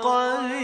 乖。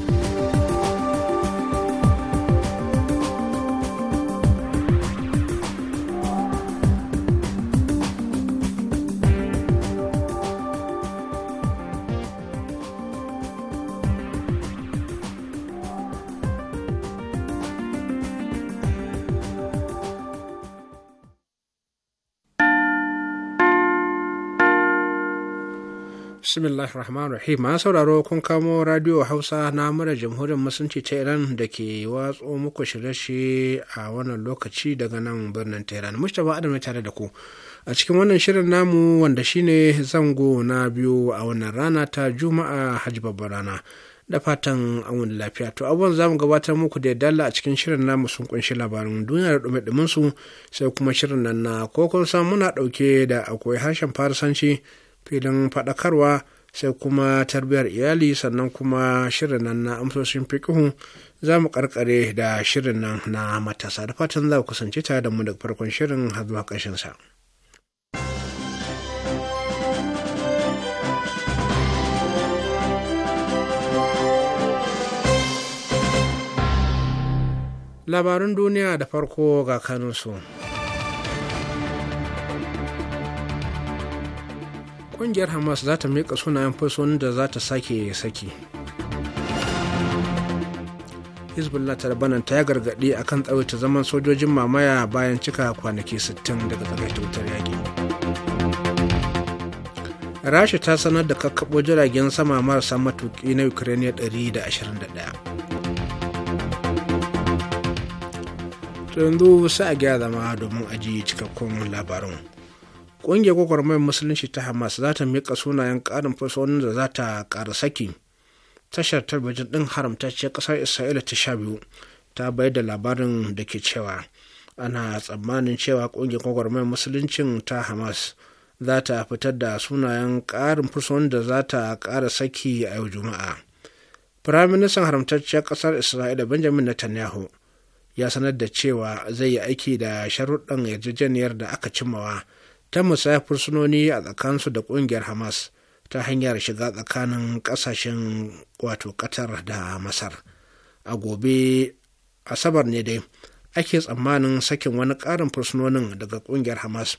bismillahir rahmanir rahim ma sauraro kun kamo radio hausa na mura jamhuriyar musulunci ta iran da ke watso muku shirye a wannan lokaci daga nan birnin tehran mustapha adam tare da ku a cikin wannan shirin namu wanda shine zango na biyu a wannan rana ta juma'a hajji babbar rana da fatan an lafiya to abubuwan zamu gabatar muku da dalla a cikin shirin namu sun kunshi labarin duniya da dume su sai kuma shirin nan na kokon muna dauke da akwai harshen farisanci filin faɗakarwa sai kuma tarbiyyar iyali sannan kuma shirin nan na amsoshin fikihu za mu karkare da shirin nan na matasa da fatan za ku kusanci tare da mu daga farkon shirin har zuwa ƙarshen sa. Labarin duniya da farko ga kanunsu. kungiyar hamas za ta mika sunayen fursunan da za ta sake saki hezbollah ta labanan ta gargaɗi a kan tsawaita zaman sojojin mamaya bayan cika kwanaki 60 daga tsakaita wutar yaƙi rasha ta sanar da kakkaɓo jiragen sama marasa matuƙi na ukraine 121 yanzu sai a gyara zama domin ajiye cikakkun labarin ƙungiyar gwagwarmayar musulunci ta hamas za ta miƙa sunayen ƙarin fursunonin da za ta ƙara saki tashar talabijin ɗin haramtacciyar ƙasar isra'ila ta sha biyu ta bai da labarin da ke cewa ana tsammanin cewa ƙungiyar gwagwarmayar musuluncin ta hamas za ta fitar da sunayen ƙarin fursunonin da za ta ƙara saki a yau juma'a firaministan haramtacciyar ƙasar isra'ila benjamin netanyahu ya sanar da cewa zai yi aiki da sharuɗan yarjejeniyar da aka cimmawa ta musaya fursunoni a tsakansu da ƙungiyar hamas ta hanyar shiga tsakanin ƙasashen wato qatar da masar a gobe asabar ne dai ake tsammanin sakin wani ƙarin fursunonin daga ƙungiyar hamas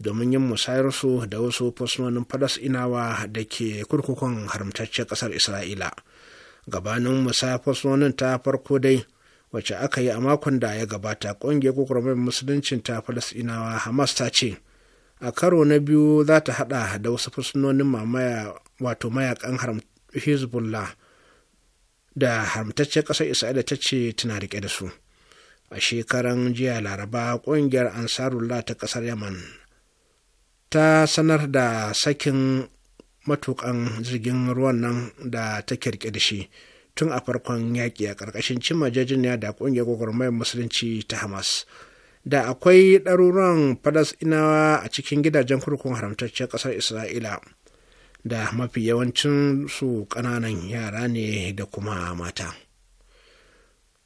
domin yin su da wasu fursunonin falasinawa da ke kurkukun haramtaccen ƙasar isra'ila gabanin musayar fursunonin ta farko dai wacce aka yi a makon da ya gabata ƙungiyar kukurmai musuluncin ta inawa hamas ta ce a karo na biyu za ta hada da wasu fursunonin mamaya wato mayakan hezbollah da haramtaccen kasar isra'ila ta ce tana rike da su a shekaran jiya laraba ƙungiyar ansarullah ta kasar yaman ta sanar da sakin matukan jirgin ruwan nan da ta kirke da shi tun a farkon yaƙi a ƙarƙashin cin majajiniya da ƙungiyar gwagwarmayar musulunci ta hamas da akwai ɗaruruwan falasɗinawa a cikin gidajen kurkun haramtaccen ƙasar isra'ila da mafi yawancin su ƙananan yara ne da kuma mata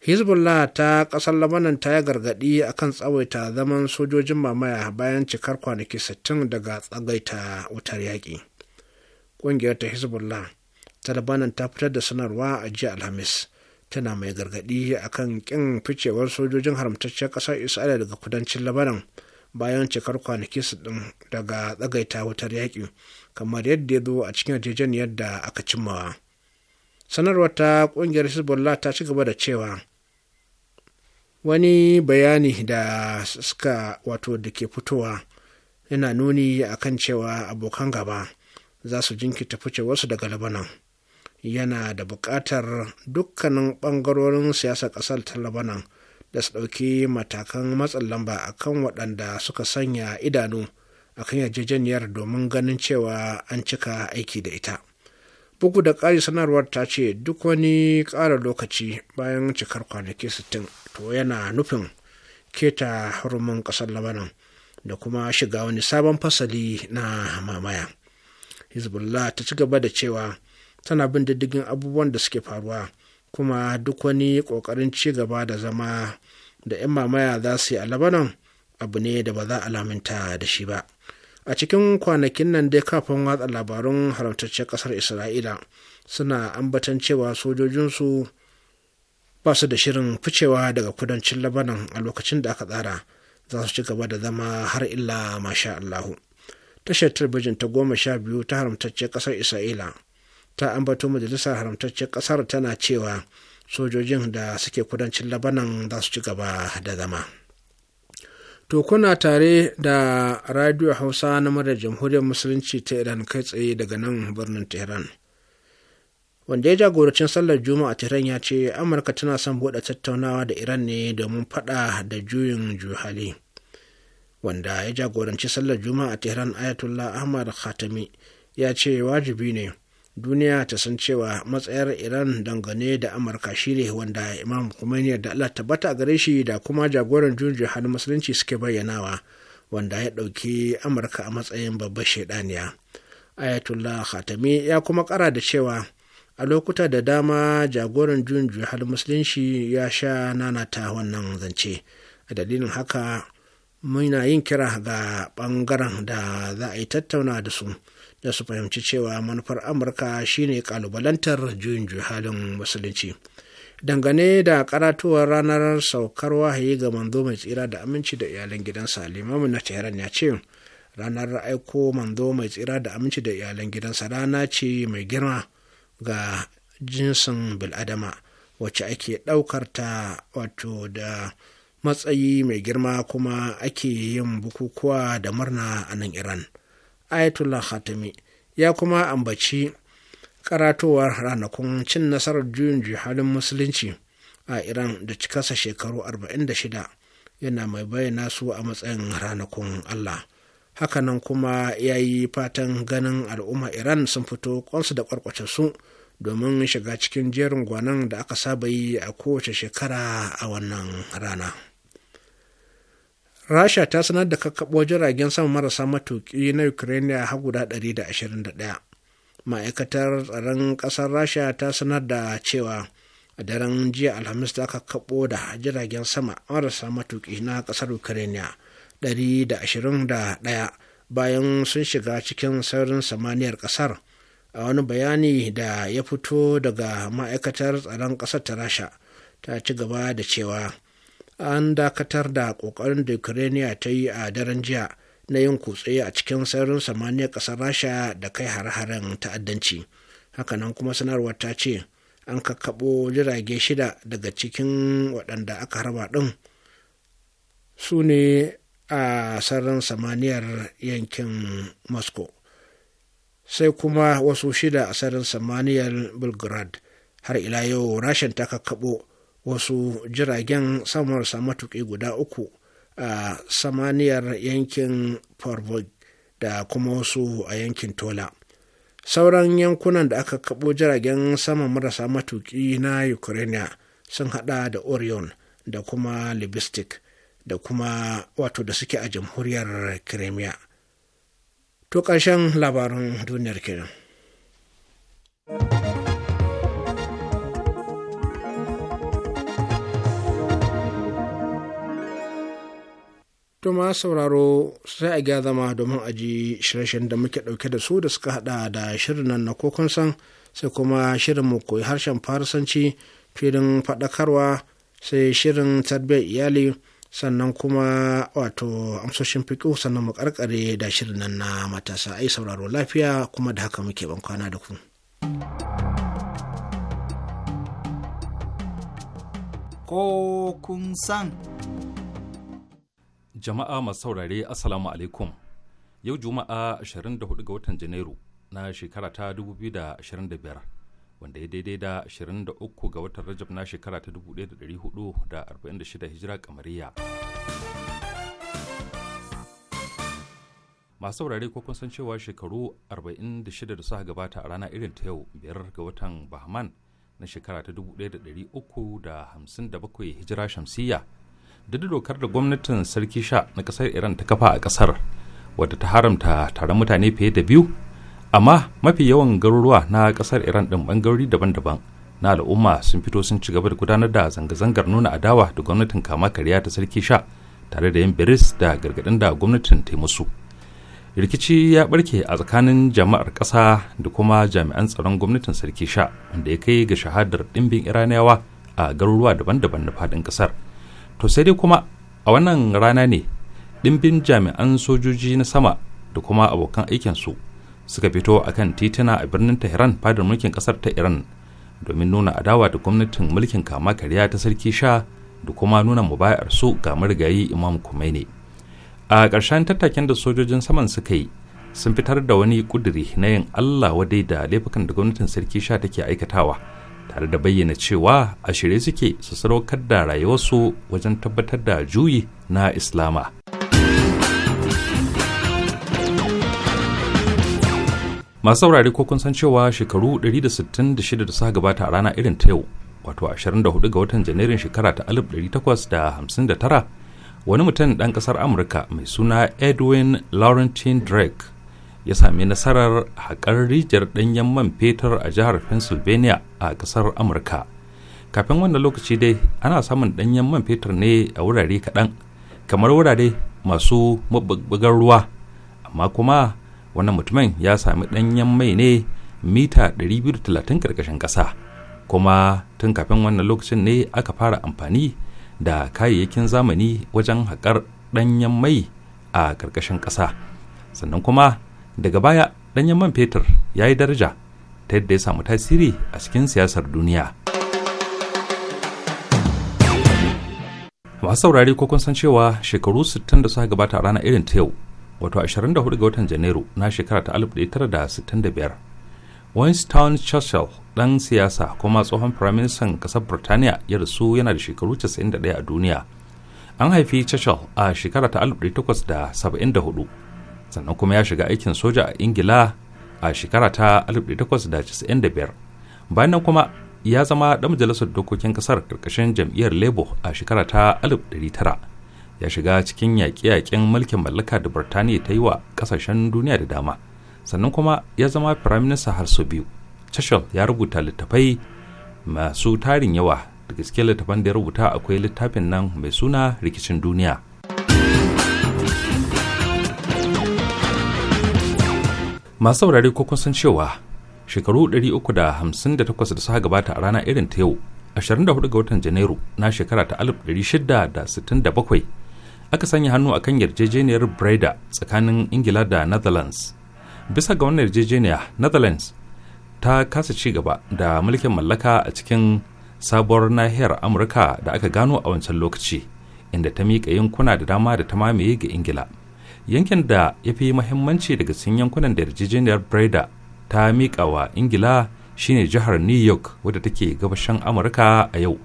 hezbollah ta ƙasar labanan ta yi gargaɗi a kan tsawaita zaman sojojin mamaya bayan cikar kwanaki 60 daga tsagaita wutar yaƙi ƙungiyar ta hezbollah ta labanan ta fitar da sanarwa a jiya alhamis tana mai gargaɗi kan ƙin ficewar sojojin haramtacciyar ƙasar isra'ila daga kudancin labanan bayan cikar kwanaki su ɗin daga tsagaita wutar yaƙi kamar yadda ya zo a cikin yarjejeniyar yadda aka cimmawa sanarwar ta ƙungiyar hezbollah ta ci gaba da cewa wani bayani da suka wato da ke fitowa yana nuni akan cewa abokan gaba za su jinkirta ficewarsu daga labanan yana da buƙatar dukkanin ɓangarorin siyasar ƙasar ta labanan da su ɗauki matakan matsin lamba a kan waɗanda suka sanya idanu a kan yarjejeniyar domin ganin cewa an cika aiki da ita bugu da ƙari sanarwar ta ce duk wani ƙara lokaci bayan cikar kwanaki 60 to yana nufin keta hurumin ƙasar labanan da kuma shiga wani sabon fasali na mamaya hezbollah ta ci gaba da cewa tana bin diddigin abubuwan da suke faruwa kuma duk wani ƙoƙarin ci gaba da zama da 'yan mamaya za su yi a labanan abu ne da ba za a laminta da shi ba a cikin kwanakin nan dai kafin watsa labarun haramtacciyar ƙasar isra'ila suna ambatan cewa sojojinsu ba su da shirin ficewa daga kudancin labanan a lokacin da aka tsara za su ci gaba da zama har illa masha allahu tashar talbijin ta goma sha biyu ta haramtacciyar ƙasar isra'ila ta ambato majalisar haramtaccen kasar tana cewa sojojin da suke kudancin labanan za su ci gaba da zama to kuna tare da radio hausa na mara jamhuriyar musulunci ta iran kai tsaye daga nan birnin tehran wanda ya jagorancin sallar juma'a tehran ya ce amurka tana son buɗe tattaunawa da iran ne domin faɗa da juyin juhali wanda ya jagoranci sallar juma'a tehran ayatollah ahmad khatami ya ce wajibi ne duniya ta san cewa matsayar iran dangane da amurka shine wanda imam khomeini da allah tabbata gare shi da kuma jagoran junjo halin musulunci suke bayyanawa wanda ya ɗauki amurka a matsayin babbar shaidaniya ayatollah khatami ya kuma kara da cewa a lokuta da dama jagoran junjo halin musulunci ya sha nanata wannan zance a dalilin haka muna yin kira ga ɓangaren da za a yi tattauna da su da su fahimci cewa manufar amurka shine kalubalantar juyin halin musulunci dangane da karatuwar ranar saukar wahayi ga manzo mai tsira da aminci da iyalan gidansa limamu na tehran ya ce ranar aiko manzo mai tsira da aminci da iyalan gidansa rana ce mai girma ga jinsin biladama wacce ake ɗaukar ta wato da matsayi mai girma kuma ake yin bukukuwa da murna a nan iran ayatollah khatami ya kuma ambaci karatowar ranakun cin nasarar juyin halin musulunci a iran da cikasa shekaru 46 yana mai bayyana su a matsayin ranakun allah hakanan kuma ya yi fatan ganin al'umma iran sun fito kwansu da kwarkwace su domin shiga cikin jerin gwanon da aka saba yi a kowace shekara a wannan rana. rasha ta sanar da kakkaɓo jiragen sama marasa matuƙi na ukraine har guda 121 ma'aikatar tsaron ƙasar rasha ta sanar da cewa a daren jiya alhamis ta kakkaɓo da jiragen sama marasa matuƙi na ƙasar ukraine ɗaya, bayan sun shiga cikin saurin samaniyar ƙasar a wani bayani da ya fito daga ma'aikatar tsaron ƙasar ta rasha ta ci gaba da cewa an dakatar da ƙoƙarin da ukraine ta yi a daren jiya na yin kutse a cikin sararin samaniya ƙasar rasha da kai har-haren ta'addanci hakanan kuma sanarwar ta ce an kakkaɓo jirage shida daga cikin waɗanda aka harba ɗin su ne a sararin samaniyar yankin moscow sai kuma wasu shida a sararin samaniyar belgrade har ila yau rashin ta kakkabo wasu jiragen samarsa matuƙi guda uku a samaniyar yankin Farbog da kuma wasu a yankin Tola. Sauran yankunan da aka kabo jiragen sama marasa matuƙi na Ukraine sun haɗa da Orion da kuma Libistic da kuma wato da suke a jamhuriyar Crimea. To ƙarshen labarin duniyar kenan. To ma sauraro sai a gya zama domin a ji shirye da muke ɗauke da su da suka haɗa da shirin nan na kokon san sai kuma shirin mu koyi harshen farisanci filin faɗakarwa sai shirin tarbiyyar iyali sannan kuma wato amsoshin fiƙo sannan mu karkare da shirin nan na matasa ai sauraro lafiya kuma da haka muke ban da ku. Ko kun san. Jama'a masu saurare Assalamu alaikum. Yau Juma'a 24 ga watan Janairu na shekara ta 2025 wanda ya daidai da 23 ga watan Rajab na shekara ta 1446 Hijira kamariya. Masu saurare ko kun san cewa shekaru 46 da suka gabata a rana irin ta yau biyar ga watan Bahman na shekara ta 1357 Hijira Shamsiyya. duk dokar da gwamnatin sarki sha na kasar iran ta kafa a kasar wadda ta haramta taron mutane fiye da biyu amma mafi yawan garuruwa na kasar iran din bangarori daban-daban na al'umma sun fito sun ci gaba da gudanar da zanga-zangar nuna adawa da gwamnatin kama kariya ta sarki sha tare da yin biris da gargadin da gwamnatin ta musu rikici ya barke a tsakanin jama'ar ƙasa da kuma jami'an tsaron gwamnatin sarki sha wanda ya kai ga shahadar ɗimbin iraniyawa a garuruwa daban-daban na faɗin ƙasar to sai dai kuma a wannan rana ne ɗimbin jami'an sojoji na sama da kuma abokan aikinsu suka fito a kan titina a birnin tehran fadar mulkin ƙasar ta iran domin nuna adawa da gwamnatin mulkin kama karya ta sarki sha da kuma nuna mubayar su ga marigayi imam kumaini a ƙarshen tattakin da sojojin saman suka yi sun fitar da wani ƙuduri na yin allah wadai da laifukan da gwamnatin sarki sha take aikatawa tare da bayyana cewa a shirye suke su sadaukar da rayuwarsu wajen tabbatar da juyi na islama masu saurari ko kun san cewa shekaru 166 da suka gabata a rana irin ta yau wato 24 ga watan janairun shekara ta 1859 wani mutum ɗan ƙasar amurka mai suna edwin laurentine drake ya sami nasarar haƙar rijiyar ɗanyen man fetur a jihar pennsylvania a ƙasar amurka kafin wannan lokaci dai ana samun ɗanyen man fetur ne a wurare kaɗan kamar wurare masu mabubbugar ruwa amma kuma wannan mutumin ya sami ɗanyen mai ne mita 230 ƙarƙashin ƙasa kuma tun kafin wannan lokacin ne aka fara amfani da kayayyakin zamani wajen haƙar ɗanyen mai a ƙarƙashin ƙasa sannan kuma daga baya ɗanyen man fetur ya yi daraja ta yadda ya samu tasiri a cikin siyasar duniya masu saurari ko kun san cewa shekaru 60 da suka gabata a ranar irin ta yau wato 24 ga watan janairu na shekara ta 1965 winston churchill dan siyasa kuma tsohon firaministan ƙasar birtaniya ya rasu yana da shekaru 91 a duniya an haifi churchill a shekara ta 1874 sannan kuma ya shiga aikin soja a ingila a shekara ta 1895 bayan nan kuma ya zama ɗan majalisar dokokin kasar karkashin jam'iyyar labour a shekara ta 1900 ya shiga cikin yaƙe-yaƙen mulkin mallaka da birtaniya ta yi wa kasashen duniya da dama sannan kuma ya zama firaminista har sau biyu churchill ya rubuta littafai masu tarin yawa da gaske littafan da ya rubuta akwai littafin nan mai suna rikicin duniya masu saurari ko kusan cewa shekaru 358 da suka gabata a rana irin ta yau 24 ga watan janairu na shekara ta 1667 aka sanya hannu akan yarjejeniyar breda tsakanin ingila da netherlands bisa ga wannan yarjejeniya netherlands ta kasa ci gaba da mulkin mallaka a cikin sabuwar nahiyar amurka da aka gano a wancan lokaci inda ta miƙa yankuna da dama da ta mamaye ga ingila yankin da ya fi mahimmanci daga cikin yankunan da yarjejeniyar breda ta miƙa wa ingila shine jihar new york wadda take gabashin amurka a yau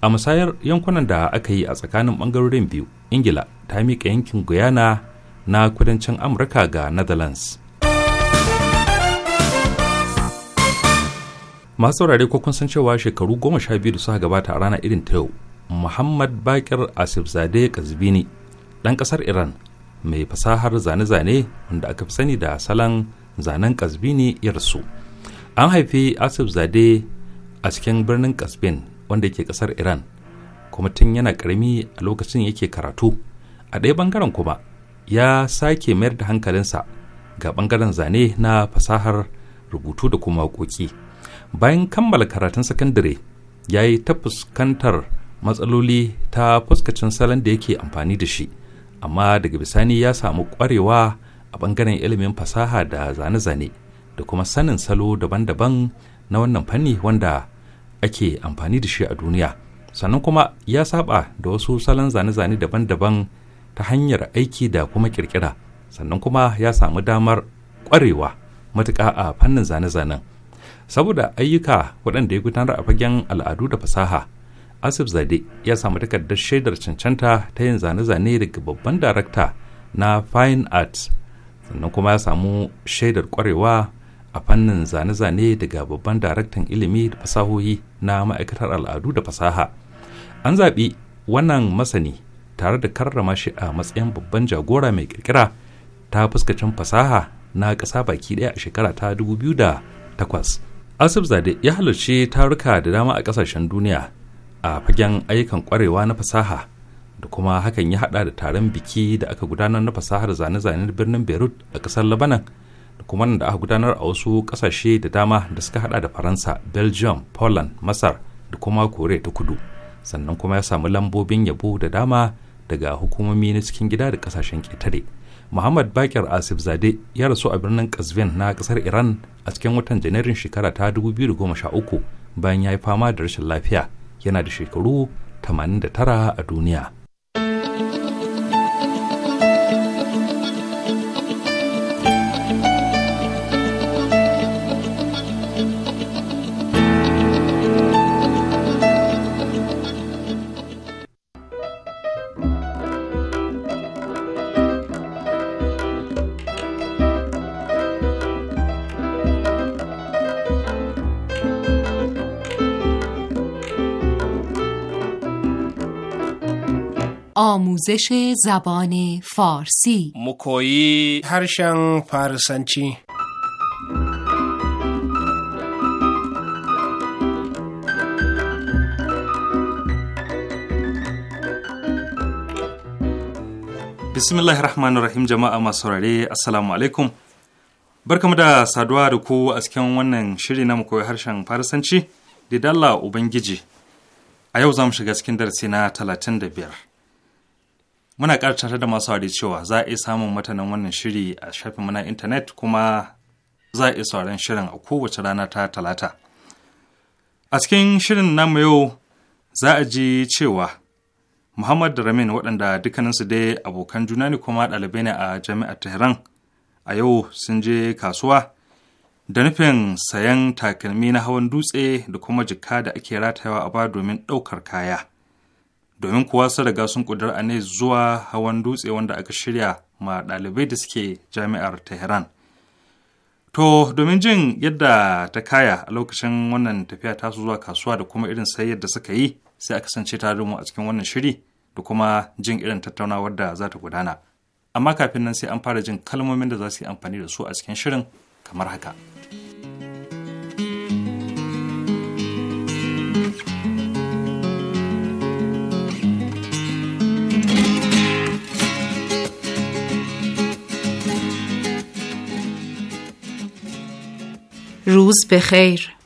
a musayar yankunan da aka yi a tsakanin ɓangarorin biyu ingila ta miƙa yankin guyana na kudancin amurka ga netherlands masu saurare ko kun san cewa shekaru goma sha biyu da suka gabata a rana irin ta yau muhammad bakir asif zade kazbini ɗan ƙasar iran mai fasahar zane-zane wanda aka fi sani da salon zanen kasbini irsu an haifi asif zade a cikin birnin kasbin wanda ke kasar iran kuma tun yana karami a lokacin yake karatu a ɗaya bangaren kuma ya sake mayar da hankalinsa ga bangaren zane na fasahar rubutu da kuma waƙoƙi bayan kammala karatun sakandare ya yi ta fuskantar matsaloli ta fuskacin salon da yake amfani da shi amma daga bisani ya samu ƙwarewa a bangaren ilimin fasaha da zane-zane da kuma sanin salo daban-daban na wannan fanni wanda ake amfani da shi a duniya sannan kuma ya saba da wasu salon zane-zane daban-daban ta hanyar aiki da kuma kirkira sannan kuma ya samu damar ƙwarewa matuƙa a fannin zane-zanen saboda ayyuka waɗanda ya gudanar a fagen al'adu da fasaha asif zade ya samu takardar shaidar cancanta ta yin zane-zane daga babban darakta na fine arts sannan kuma ya samu shaidar kwarewa a fannin zane-zane daga babban daraktan ilimi da fasahohi na ma'aikatar al'adu da fasaha an zaɓi wannan masani tare da karrama shi a matsayin babban jagora mai kirkira ta fuskacin fasaha na ƙasa baki ɗaya a shekara ta da takwas. asif zade ya halarci taruka da dama a ƙasashen duniya a fagen ayyukan kwarewa na fasaha da kuma hakan ya hada da taron biki da aka gudanar na fasahar zane-zanen birnin beirut a kasar labanan da kuma da aka gudanar a wasu kasashe da dama da suka hada da faransa belgium poland masar da kuma kore ta kudu sannan kuma ya samu lambobin yabo da dama daga hukumomi na cikin gida da kasashen ƙetare muhammad bakir asif zade ya rasu a birnin kazvin na kasar iran a cikin watan janairun shekara ta 2013 bayan ya yi fama da rashin lafiya yana da shekaru 89 a duniya. آموزش زبان فارسی مکویی هرشن فارسنچی bismillahir rahmanir rahim jama'a masu saurare assalamu alaikum barkamu da saduwa da ku a cikin wannan shiri na koyi harshen farisanci da dalla ubangiji a yau za mu shiga cikin darasi na talatin da biyar. Muna ƙara da masu wari cewa za a iya samun matanan wannan shiri a shafin muna intanet kuma za a iya sauran shirin a kowace rana ta talata. A cikin shirin namu yau za a ji cewa Muhammad da Ramin waɗanda dukkaninsu dai abokan juna ne kuma ɗalibai ne a jami'ar Tehran a yau sun je kasuwa da nufin sayan takalmi na hawan dutse da kuma jikka da ake ratayawa a ba domin ɗaukar kaya. domin kuwa sun riga sun a ne zuwa hawan dutse wanda aka shirya ma ɗalibai da suke jami'ar tehran to domin jin yadda ta kaya a lokacin wannan tafiya tasu zuwa kasuwa da kuma irin sai da suka yi sai a kasance ta mu a cikin wannan shiri da kuma jin irin tattaunawar da za ta gudana amma kafin nan sai an fara jin kalmomin da za su yi amfani da su a cikin shirin kamar haka. روز بخیر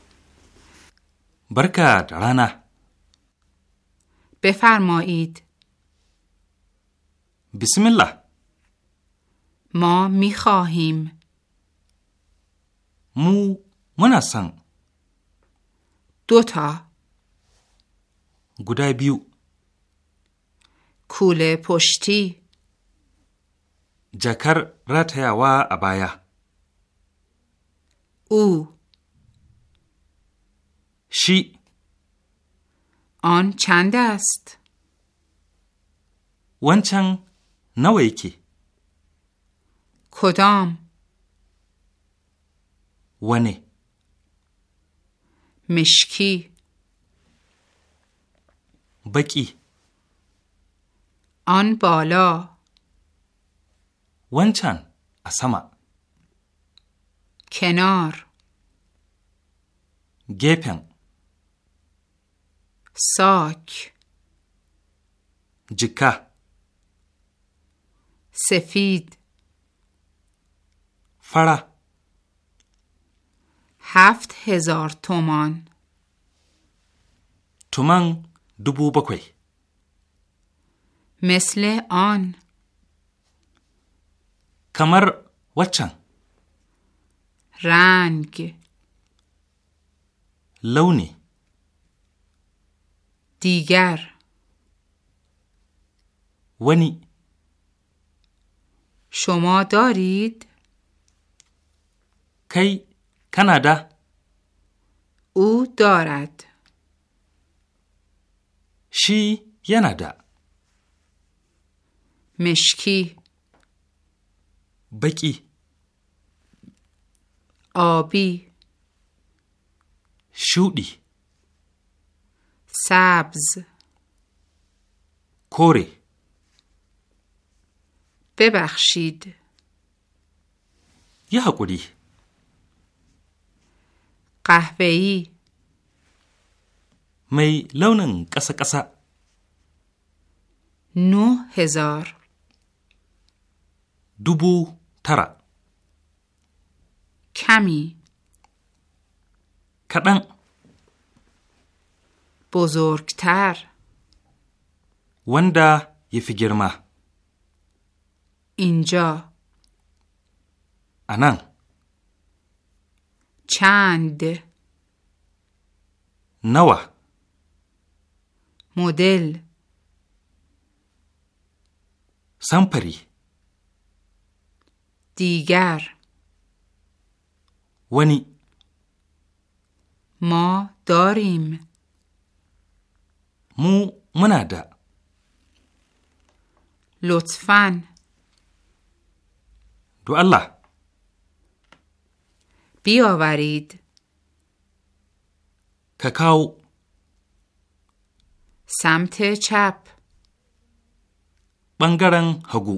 برکت رانا بفرمایید بسم الله ما می مو منسن دوتا گودای بیو کوله پشتی جکر و ابایا او شی آن چند است ونچن نویکی کدام ونه مشکی بکی آن بالا ونچن اسما کنار گپن ساک جکه سفید فرا هفت هزار تومان تومان دوبو بکوی مثل آن کمر وچن رنگ لونی دیگر ونی شما دارید؟ کی کانادا او دارد شی یندا مشکی بکی آبی شودی سبز کوری ببخشید یه حقوری قهوه‌ای می لونن قسا نه هزار دوبو ترک کمی کدن بزرگتر وندا یفی گرما اینجا انان چند نوا مدل سامپری دیگر wani ma darim mu muna da lotfan do Allah biyawarid ka kawo samte chap ɓangaren hagu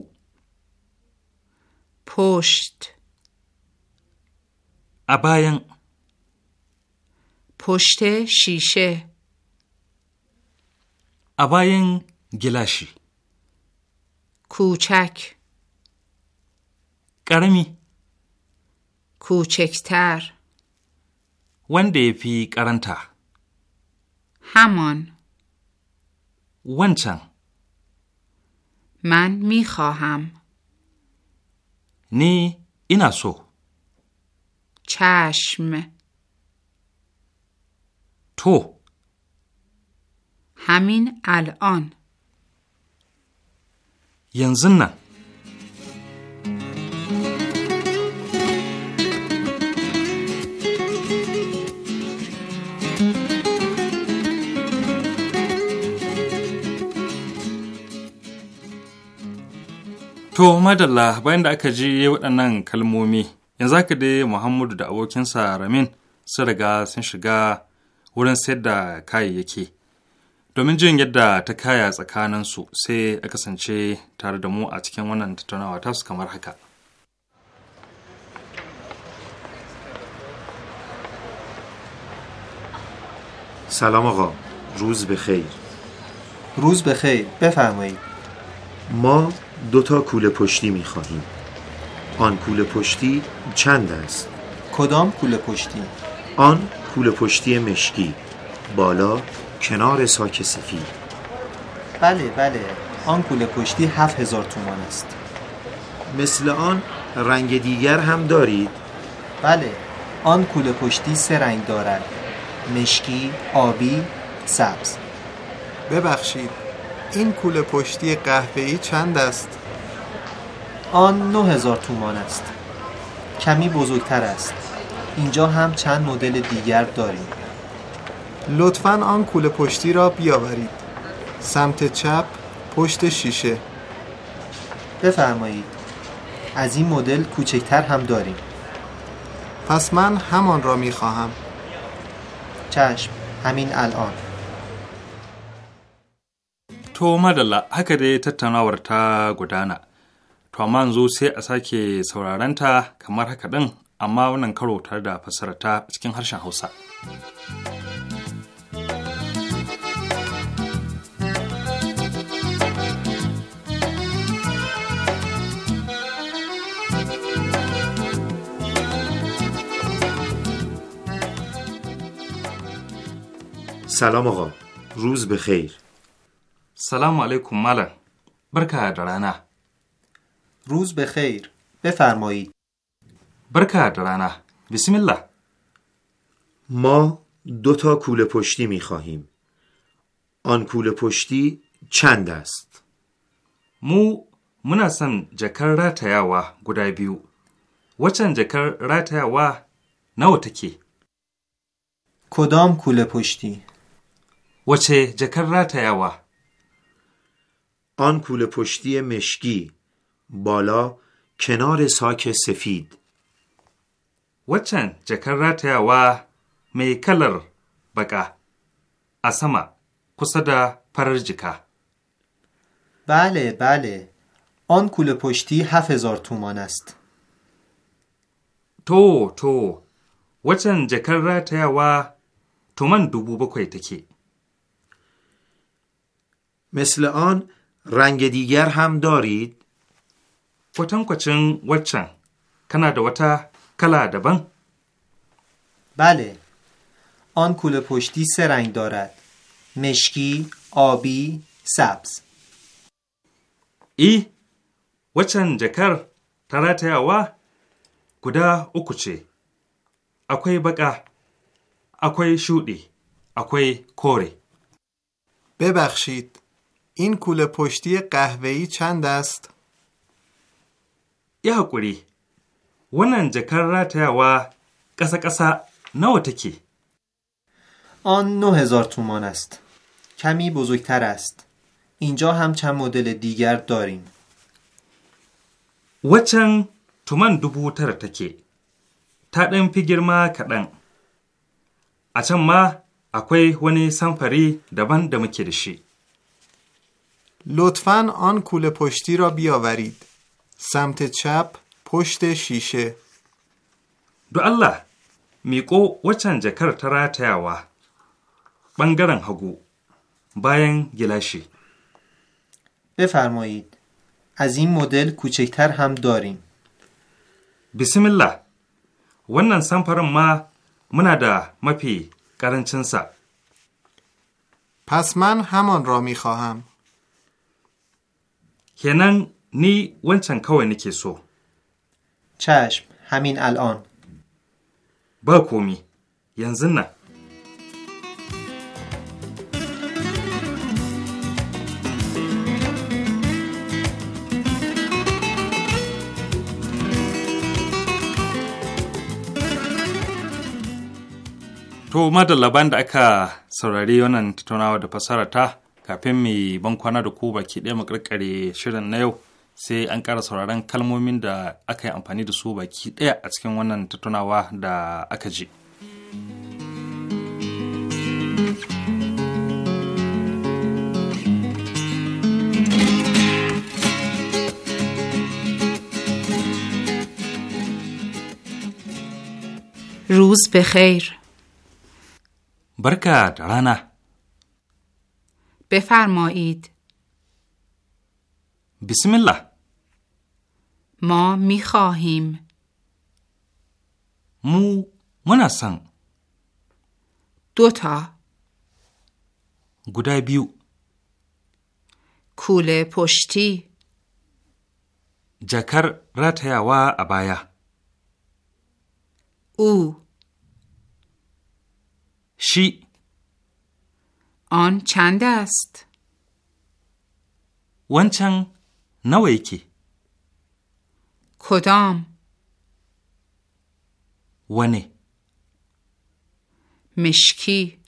post آبایان پشت شیشه اباین گلاشی کوچک قرمی کوچکتر ونده فی قرنتا همان ونچن من میخواهم نی اینا سو چشم تو همین الان ینزن To, madalla bayan da aka ji waɗannan kalmomi yanzu haka dai muhammadu da abokinsa ramin sun riga sun shiga wurin sayar da kayayyaki domin jin yadda ta kaya tsakanin su sai a kasance tare da mu a cikin wannan tattaunawa su kamar haka سلام آقا روز بخیر روز بخیر بفرمایید ما دو تا کوله پشتی می آن کوله پشتی چند است کدام کوله پشتی آن کوله پشتی مشکی بالا کنار ساک سفید بله بله آن کوله پشتی هفت هزار تومان است مثل آن رنگ دیگر هم دارید؟ بله آن کوله پشتی سه رنگ دارد مشکی، آبی، سبز ببخشید این کوله پشتی قهوه‌ای چند است؟ آن 9000 تومان است کمی بزرگتر است اینجا هم چند مدل دیگر داریم لطفا آن کوله پشتی را بیاورید سمت چپ پشت شیشه بفرمایید از این مدل کوچکتر هم داریم پس من همان را می خواهم چشم همین الان تو مدلا هکده تتناورتا to amma yanzu sai a sake sauraron ta kamar haka ɗin amma wannan karo tare da fasarata cikin harshen hausa سلام آقا روز بخیر سلام علیکم برکه روز به خیر. بفرمایید برکه درانه بسم الله ما دو تا کوله پشتی می خواهیم آن کول پشتی چند است مو جکر را تیاوه گدای بیو. وچن جکر را تیاوه نو تکی؟ کدام کول پشتی وچه جکر را تیاوه آن کول پشتی مشکی بالا کنار ساک سفید وچن جکر و می کلر بقا اسما کسدا پررجکا بله بله آن کل پشتی هفت هزار تومان است تو تو وچن جکر و تومان دوبو بکوی تکی مثل آن رنگ دیگر هم دارید؟ kwatankwacin waccan kana da wata کلا دبن بله آن کوله پشتی سه رنگ دارد مشکی آبی سبز ای وچن جکر ترات اوا گدا اوکو اکوی بقا اکوی شودی اکوی کوری ببخشید این کوله پشتی قهوه‌ای چند است؟ یه حکوری ونن جکر راتاوا قسا قسا نو تکی آن 9000 تومان است کمی بزرگتر است اینجا هم چند مدل دیگر داریم وچن تومن دوبو تر تکی تا دن فی گرما کدن a ما ma akwai wani samfari daban da لطفاً آن کوله پشتی را بیاورید. سمت چپ پشت شیشه دو الله میکو وچن جکر ترا تیاوا بنگرن هگو باین گلاشی بفرمایید از این مدل کوچکتر هم داریم بسم الله wannan samfarin ma muna da mafi ƙarancinsa. پس من همان را می خواهم. kenan Ni wancan kawai nake so Chash, hamin al'on. Ba komi, yanzu nan. To madalla da aka saurari wannan tattaunawa da fasara ta kafin mai ban kwana da ku baki ɗaya mu ƙarƙare shirin na yau sai an ƙara sauraron kalmomin da aka yi amfani da su baki ɗaya a cikin wannan tattunawa da aka ji. Bekhair barka da rana. بفرمایید بسم الله ما می خواهیم مو مناسن دوتا گودای بیو کوله پشتی جکر و ابایا او شی آن چند است ونچن نویکی کدام ونه مشکی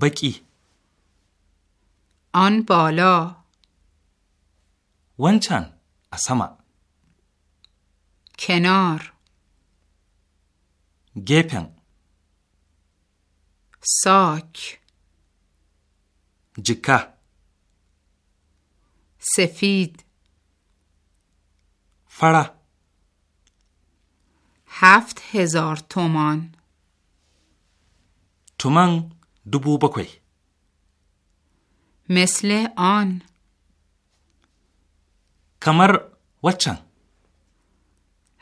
بکی آن بالا ونچن اسما کنار گپن ساک جکه سفید فره هفت هزار تومان تومان دوبو بکوی مثل آن کمر وچن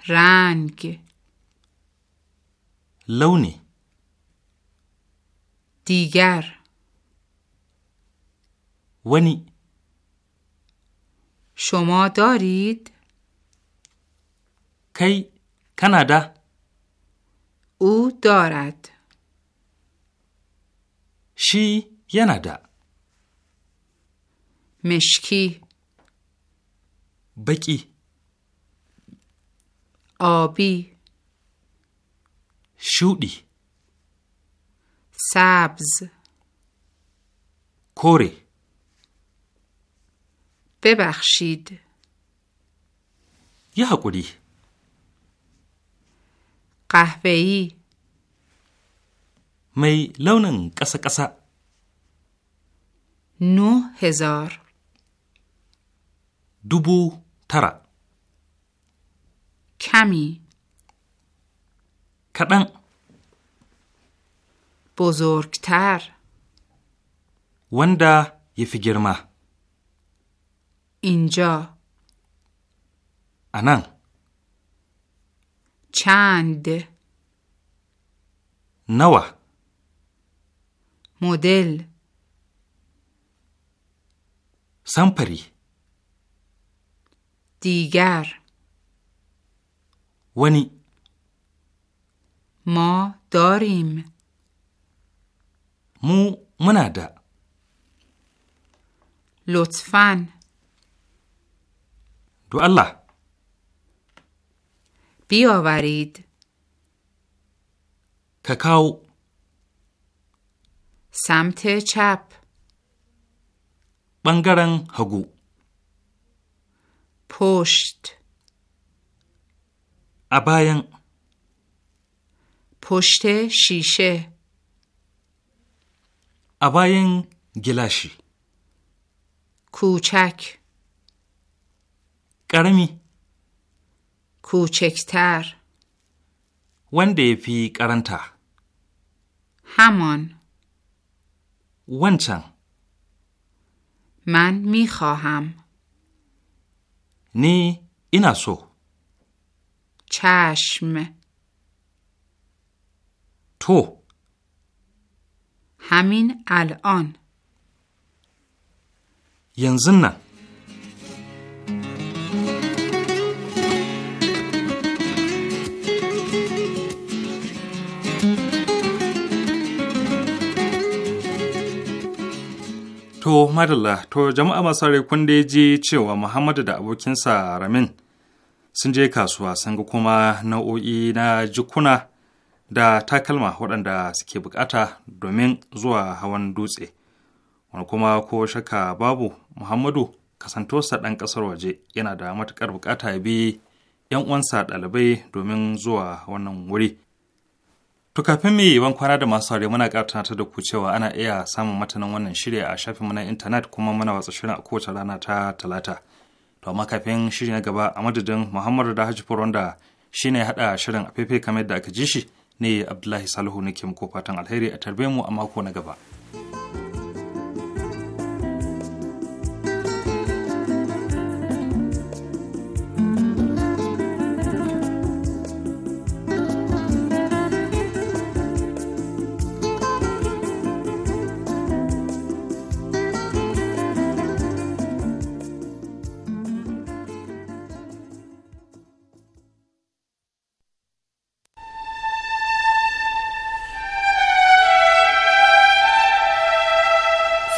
رنگ لونی دیگر ونی شما دارید؟ کی کانادا او دارد شی یندا مشکی بکی آبی شودی سبز کوری ببخشید یه حقوری Kahfayi. Mai launin ƙasa-ƙasa. Nu hizar. Dubu tara. Kyami. Kaɗan. Buzo Wanda ya fi girma. inja A nan! چند نوع مدل سمپری دیگر ونی ما داریم مو منادا لطفاً دو الله بیاورید تکاو سمت چپ بنگرن هگو پشت اباین پشت شیشه اباین گلاشی کوچک کرمی کوچکتر wanda ya fi karanta. همان wancan من میخواهم نی اینا سو چشم تو همین الان ینزن To madalla to jama'a masu kun da ji cewa Muhammadu da abokinsa Ramin sun je kasuwa sun ga kuma nau'o'i na jikuna da takalma waɗanda suke bukata domin zuwa hawan dutse. Wani kuma ko shaka babu Muhammadu kasantosa ɗan ƙasar waje yana da matuƙar bukata ya bi 'yan uwansa ɗalibai domin zuwa wannan wuri. To kafin mu yi kwana da masu saurayi muna ta da ku cewa ana iya samun matanin wannan shirya a shafin na intanet kuma muna watsa shirin a kowace rana ta talata. To amma kafin shiri na gaba a madadin Muhammadu da Hajji wanda shi ne haɗa shirin a fefe kamar da aka ji shi ne Abdullahi Salihu nake muku fatan alheri a tarbe mu a mako na gaba.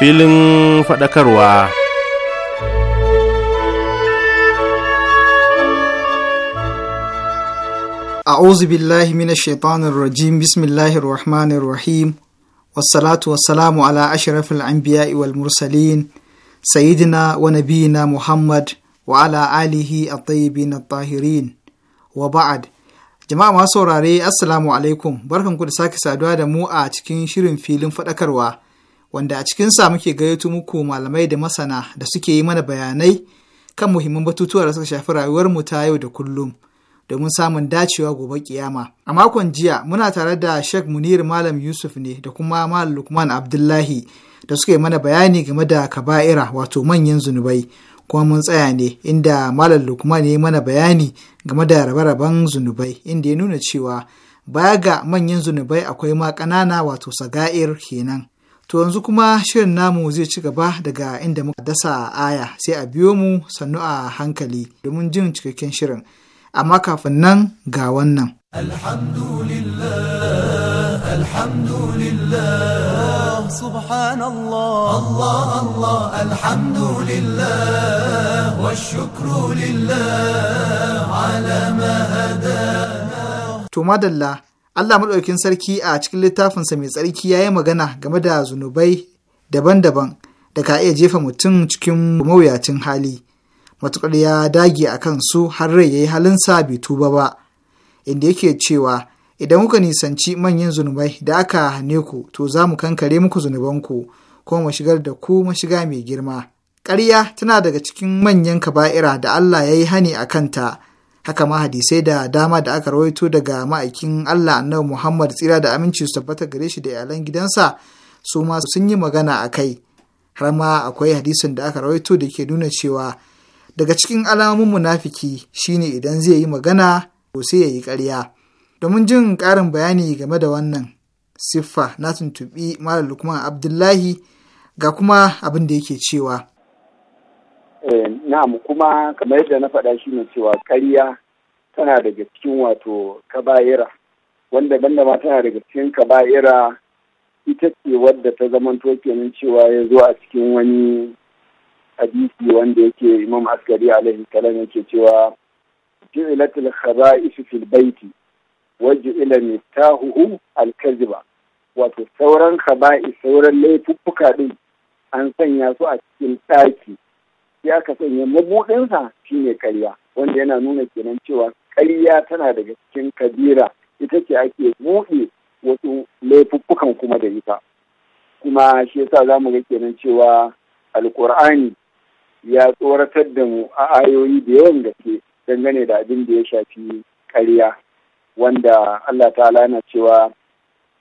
filin faɗakarwa. A'udhu billahi mina shaitanir rajim bismillahir rahmanir rahim wassalatu wassalamu ala ashrafil anbiya'i wal mursalin sayyidina wa nabiyina Muhammad wa ala alihi at-tayyibin at-tahirin wa ba'ad. jama'a masu saurare assalamu alaikum barkanku da sake saduwa da mu a cikin shirin filin faɗakarwa wanda a cikinsa muke gayyato muku malamai da masana da suke yi mana bayanai kan muhimman batutuwa da suka shafi rayuwarmu ta yau da kullum domin samun dacewa gobe kiyama. A makon jiya muna tare da Sheikh Munir Malam Yusuf ne da kuma Malam Lukman Abdullahi da suka yi mana bayani game da kaba'ira wato manyan zunubai kuma mun tsaya ne inda Malam Lukman ya yi mana bayani game da rabe-raben zunubai inda ya nuna cewa baya ga manyan zunubai akwai ma ƙanana wato saga'ir kenan. To yanzu kuma shirin namu zai ci gaba daga inda muka dasa aya sai a biyo mu sannu a hankali domin jin cikakken shirin. Amma kafin nan ga wannan. Alhamdulillah, madalla. Allah maɗaukin sarki a cikin littafinsa mai tsarki ya yi magana game da zunubai daban-daban da ka iya jefa mutum cikin mawuyacin hali, matuƙar ya dage a kan su har rai ya yi halinsa bai tuba ba, inda yake cewa idan kuka nisanci manyan zunubai da aka hane ku to za mu kankare muku zunubanku kuma mu shigar da ku mu shiga mai girma. Ƙarya tana daga cikin manyan kaba'ira da Allah ya yi hani a kanta. haka ma hadisai da dama da aka rawaito daga ma'aikin Allah annabi Muhammad tsira da aminci su tabbata gare shi da iyalan gidansa su ma sun yi magana a kai har ma akwai hadisin da aka rawaito da ke nuna cewa daga cikin alamomin munafiki shine idan zai yi magana to sai ya yi ƙarya domin jin ƙarin bayani game da wannan siffa na tuntubi malam lukman abdullahi ga kuma abin da yake cewa Eh, na'am kuma kamar yadda na faɗa shi ne cewa ƙarya tana daga cikin wato kaba'ira wanda banda ma tana daga cikin kaba'ira ita ce wadda ta zamanto kenan cewa ya zo a cikin wani hadisi wanda yake imam askari alaihi salam yake cewa ju'ilatul khaba'isu fil baiti wa ju'ila mitahuhu al kaziba wato sauran khaba'is sauran laifuffuka din an sanya su a cikin ɗaki ya aka sanya mabuɗinsa shine karya wanda yana nuna kenan cewa karya tana daga cikin kabira ita ce ake buɗe wasu laifuffukan kuma da ita kuma shi yasa za mu ga kenan cewa alkur'ani ya tsoratar da mu a ayoyi da yawan gaske dangane da abin da ya shafi karya wanda Allah ta'ala na cewa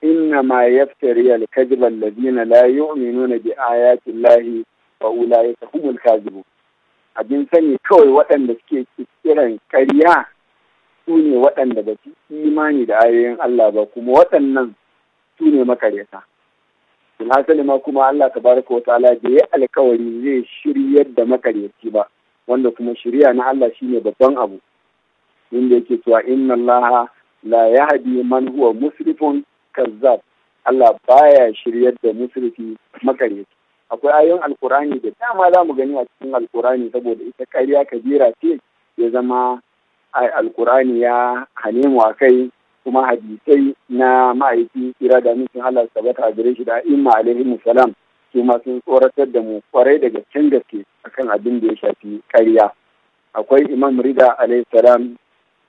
inna ma yaftari al-kadhiba layu la yu'minuna bi ayati lahi. fa'ula'ika humul kazibun abin sani kawai waɗanda suke kiran ƙarya su ne waɗanda ba su imani da ayoyin Allah ba kuma waɗannan su ne makaryata. hasali ma kuma Allah ta baraka wa ta'ala da ya alkawari zai shiryar da makaryaci ba wanda kuma shirya na Allah shine babban abu. Inda yake cewa inna Laha la yahdi man huwa musrifun kazzab Allah baya shiryar da musrifi makaryaci. akwai ayoyin alkurani da dama za mu gani a cikin alkurani saboda ita karya kabira ce ya zama alkurani ya hane mu a kai kuma hadisai na ma'aiki kira da nufin Allah tabbata a gare shi da imma alaihi musalam su ma sun tsoratar da mu kwarai da can gaske akan abin da ya shafi karya akwai imam rida alaihi salam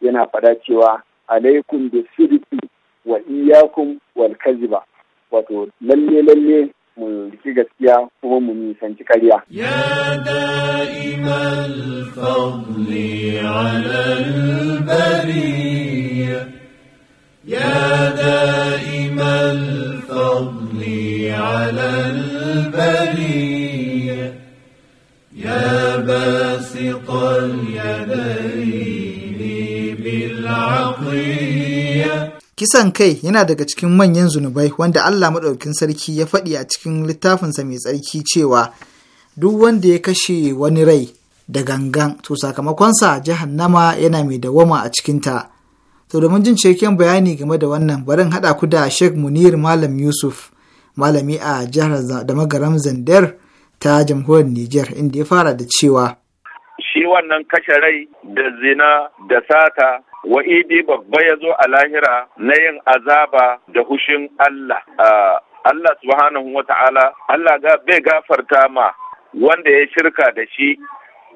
yana faɗa cewa alaikum bi sidqi wa iyakum wal kaziba wato lalle lalle mu riki gaskiya kuma mu nisanci ƙarya. Ya da'imal fadli Ya da'imal fadli ala albariya kisan kai yana daga cikin manyan zunubai wanda Allah maɗaukin sarki ya faɗi a cikin littafinsa mai tsarki cewa duk wanda ya kashe wani rai da gangan to sakamakonsa jahannama yana mai dawama a cikinta to domin jin cikakken bayani game da wannan barin haɗa ku da Sheikh Munir Malam Yusuf malami a jihar da magaram Zandar ta jamhuriyar Niger, inda ya fara da cewa wannan kashe rai da zina da sata wa'idi babba ya zo a lahira na yin azaba da hushin Allah. Allah subhanahu wa ta'ala, Allah ga bai gafarta ma wanda ya shirka da shi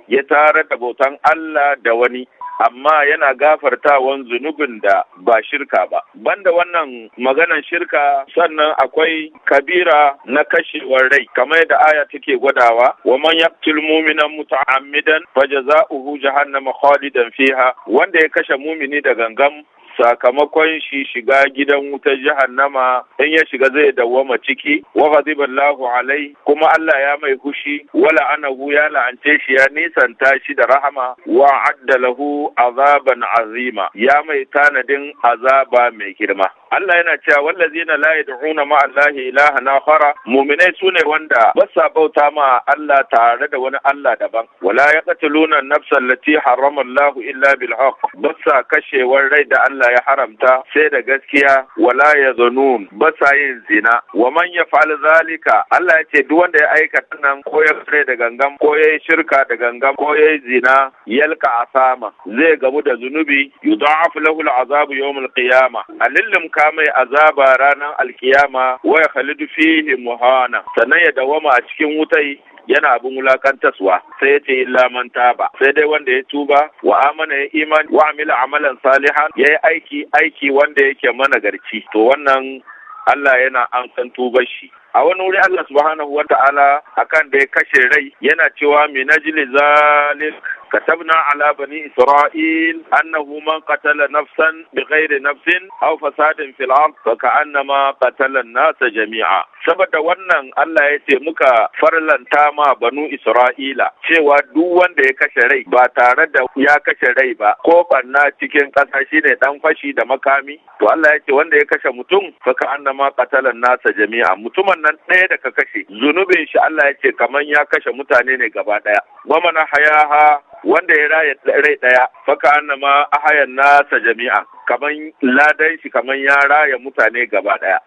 ya tare da bautan Allah da wani. amma yana gafartawan zunubin da ba shirka ba banda wannan maganan shirka sannan akwai kabira na kashewar rai kamar yadda aya take gwadawa wa man yaqtul mu'mina muta'ammidan fajaza'uhu jahannama khalidan fiha wanda ya kashe mumini da gangan sakamakon shi shiga gidan wutar Nama, in ya shiga zai dawwama ciki wa lahu alai kuma Allah ya mai hushi wala anahu ya la'ance shi ya nisanta shi da rahama wa addalahu azaban azima ya mai tanadin azaba mai girma Allah yana cewa wallazina la yad'una ma Allahi ilahan akhara mu'minai sune wanda ba sa bauta ma Allah tare da wani Allah daban wala yaqtuluna an-nafsa allati harrama illa bil haqq ba sa kashewar rai da Allah Allah ya haramta sai da gaskiya wala ya zanun ba sa yin zina wa man ya fa'al zalika Allah ya ce duk wanda ya aikata nan ko ya kare da gangan ko ya yi shirka da gangan ko ya yi zina yalka asama zai gamu da zunubi yudha'afu lahu al'azabu yawm al-qiyama alillim ka mai azaba ranar alkiyama wa ya khalidu fihi muhana sannan ya dawama a cikin wutai yana abin wulakantaswa sai ya ce laman ba. sai dai wanda ya tuba wa amana ya imani wa amila amalan salihan ya yi aiki aiki wanda yake mana garci to wannan Allah yana an san tubar shi a wani wuri Allah subhanahu wa ta'ala akan da ya kashe rai yana cewa jili zalik كتبنا على بني إسرائيل أنه من قتل نفسا بغير نفس أو فساد في الأرض فكأنما قتل الناس جميعا saboda wannan Allah ya ce muka farlanta ma banu Isra'ila cewa duk wanda ya kashe rai ba tare da ya kashe rai ba ko barna cikin ƙasa shine dan fashi da makami to Allah ya ce wanda ya kashe mutum faka annama qatalan nasa jami'a mutumin nan ɗaya da ka kashe zunubin shi Allah ya ce kaman ya kashe mutane ne gaba ɗaya wa mana hayaha wanda ya raya rai ɗaya faka annama ahayan nasa jami'a kaman ladan shi kaman ya raya mutane gaba ɗaya.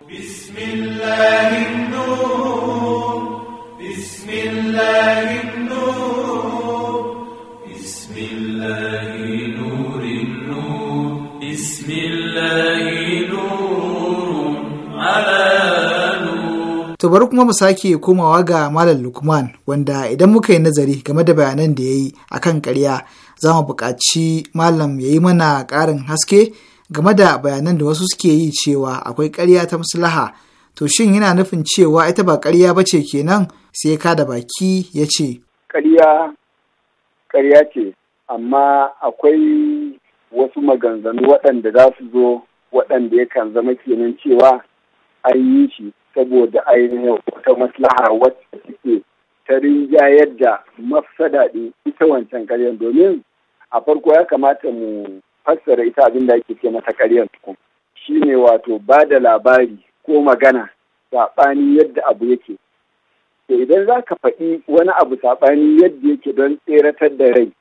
To bari kuma mu sake komawa ga Malam Lukman wanda idan muka yi nazari game da bayanan da ya yi a kan ƙarya za mu buƙaci Malam ya yi mana ƙarin haske game da bayanan da wasu suke yi cewa akwai ƙarya ta musulaha. To shin yana nufin cewa ita ba ƙarya ba ce kenan sai ka da baki ya ce. Ƙarya ƙarya ce amma akwai wasu maganganu waɗanda za su zo waɗanda ya kan zama kenan cewa an yi shi saboda ainihin wata maslaha wacce take ta rinjayar da mafsada ɗin ita wancan karyar domin a farko ya kamata mu fassara ita abin da ake ce mata karyar Shi ne wato ba da labari ko magana saɓani yadda abu yake to idan za ka faɗi wani abu saɓani yadda yake don tseratar da rai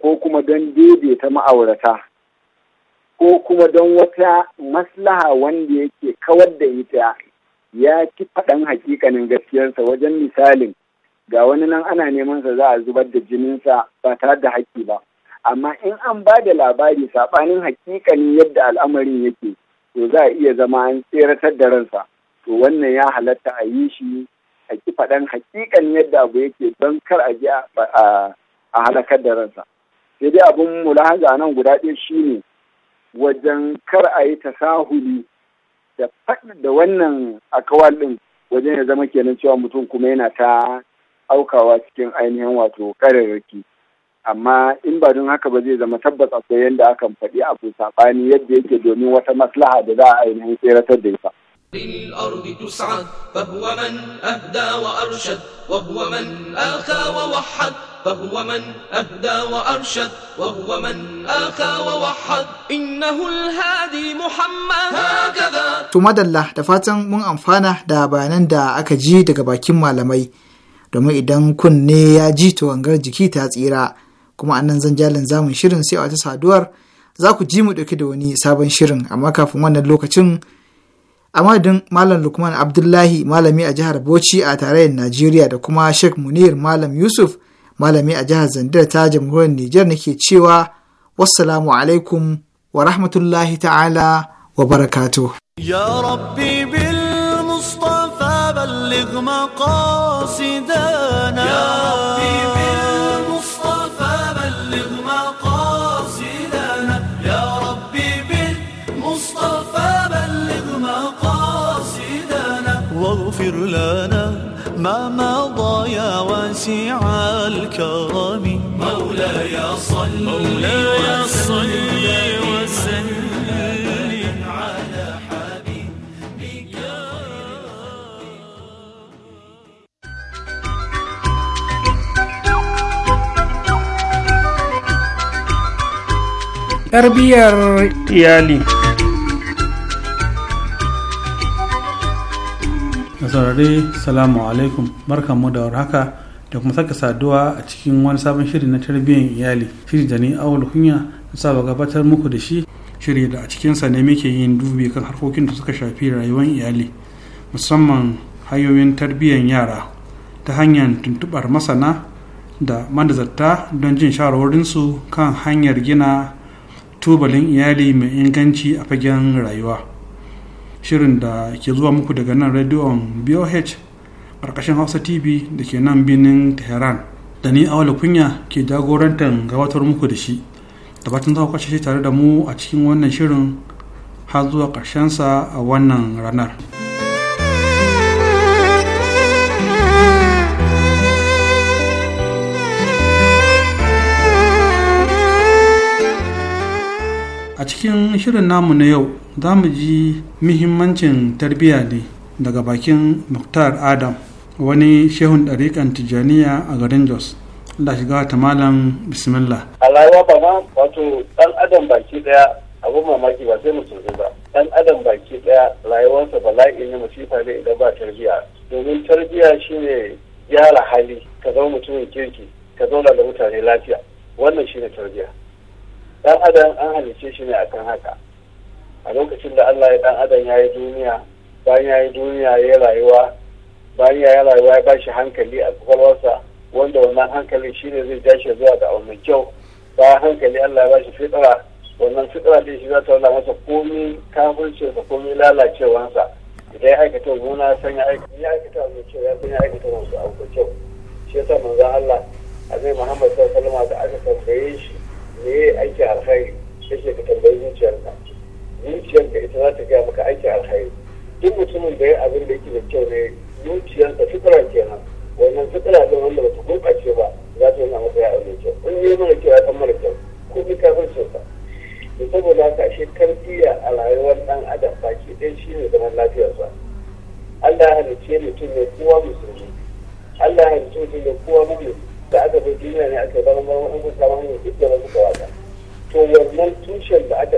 ko kuma don daidaita ma'aurata ko kuma don wata maslaha wanda yake kawar da ita ya ki faɗan hakikanin gaskiyarsa wajen misalin ga wani nan ana neman sa za a zubar da jinin sa ba tare da haƙƙi ba amma in an ba da labari saɓanin hakikanin yadda al'amarin yake to za a iya zama an tseratar da ransa to wannan ya halatta a yi shi a ki faɗan hakikanin yadda abu yake don kar a je a halakar da ransa sai dai abin mulahaza nan guda ɗaya shine wajen kar a yi tasahuli da da wannan akawal ɗin wajen ya zama kenan cewa mutum kuma yana ta aukawa cikin ainihin wato kararraki amma in ba don haka ba zai zama tabbas akwai yadda akan faɗi abu saɓani yadda yake domin wata maslaha da za a ainihin tseratar da ita. للأرض تسعد فهو من أهدى وأرشد وهو من آخى ووحد فهو من أهدى وأرشد وهو من آخى ووحد إنه الهادي محمد هكذا ثم الله da fatan mun amfana da bayanan da aka ji daga bakin malamai domin idan kunne ya ji to gangar jiki ta tsira kuma annan zan jalin zamun shirin sai a ta saduwar za ku ji mu ɗauki da wani sabon shirin amma kafin wannan lokacin amadin malam lukman abdullahi malami a jihar bauchi a tarayyar najeriya da kuma sheikh munir malam yusuf malami a jihar zandira ta jamhuriyar niger nake cewa wassalamu alaikum wa rahmatullahi ta'ala wa barakatu ya rabbi bil mustafa balligh maqasidana ya rabbi واسع الكرم مولاي صل مولاي صل وسلم على حبيبك تربية iyali saurari salamu alaikum barkanmu da warhaka da kuma saka saduwa a cikin wani sabon shiri na tarbiyyar iyali shiri da ni awal kunya na saba gabatar muku da shi shiri da a cikinsa ne muke yin dubi kan harkokin da suka shafi rayuwar iyali musamman hanyoyin tarbiyyar yara ta hanyar tuntubar masana da manazarta don jin shawarwarinsu kan hanyar gina tubalin iyali mai inganci a fagen rayuwa shirin da ke zuwa muku daga nan rediyon boh ƙarƙashin hausa tv da ke nan birnin tehran da ni awala kunya ke jagorantar gabatar muku da shi da batun za ku kashe tare da mu a cikin wannan shirin har zuwa sa a wannan ranar a cikin shirin namu na yau za mu ji muhimmancin tarbiyya ne daga bakin muktar adam wani shehun ɗariƙan tijjaniya a garin jos da shiga ta malam bismillah a ba ma wato ɗan adam baki ɗaya abin mamaki ba sai musulmi ba ɗan adam baki ɗaya rayuwarsa bala'i ne masifa ne idan ba tarbiya domin tarbiya shine gyara hali ka zama mutumin kirki ka zauna da mutane lafiya wannan shine tarbiya ɗan adam an halicce shi ne akan haka a lokacin da Allah ya ɗan adam ya yi duniya bayan ya yi duniya ya yi rayuwa bayan ya rayuwa ya bashi hankali a kwakwalwarsa wanda wannan hankali shi ne zai tashi zuwa ga abu mai kyau bayan hankali Allah ya bashi fitara wannan fitara da shi za ta wala masa komai kafircinsa komi lalacewansa idan ya aikata gona san ya aikata aikata mai kyau ya san ya aikata wasu abu kyau shi yasa manzon Allah zai Muhammad sallallahu alaihi wasallam da aka tambaye shi me aiki alkhairi yake ka tambayi zuciyarka zuciyarka ita za ta gaya maka aiki alkhairi duk mutumin da ya abin da yake da kyau ne zuciyar da fitira kenan wannan fitira ɗin wanda ba bata gurɓace ba za ta yana masa yaro mai kyau in yi mara kyau ya san mara kyau ko bi kafin sauka da saboda haka ashe karfiya a rayuwar ɗan adam ba ke ɗaya shi ne zaman lafiyarsa Allah ya halicce mutum ne kowa musulmi Allah ya halicce mutum ne kowa mumin da aka bai duniya ne aka bar bar wani kusa wani duk da wasu kawata to wannan tushen da aka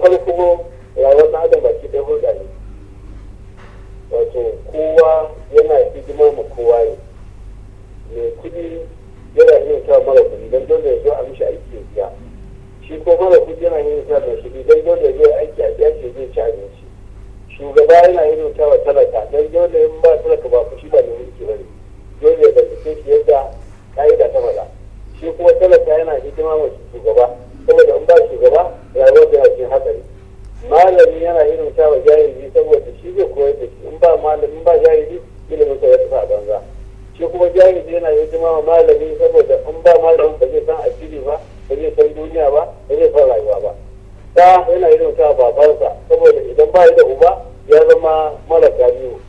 farko rayuwar na adam baki ɗaya hulɗa ne wato kowa yana hidima ma kowa ne mai kudi yana yin ta mara kudi don dole ya zo a mishi aiki ya biya shi ko mara kudi yana yin ta mai kudi don dole ya zo aiki a biya shi zai ci abinci shugaba yana yin ta wa talaka don dole in ba talaka ba ku shi ba mai mulki ba ne dole ya zance shi yadda ka'ida ta maza shi kuma talaka yana hidima ma shugaba saboda in ba shugaba rayuwar da yake hatsari malami yana ilimta wa jahili saboda shi zai koyar da shi in ba malami ba jahili ilimin sa ya tafi a banza shi kuma jahili yana yi jima wa malami saboda in ba malami ba zai san addini ba ba zai san duniya ba ba zai san rayuwa ba da yana ilimta wa babansa saboda idan ba da uba ya zama mara biyu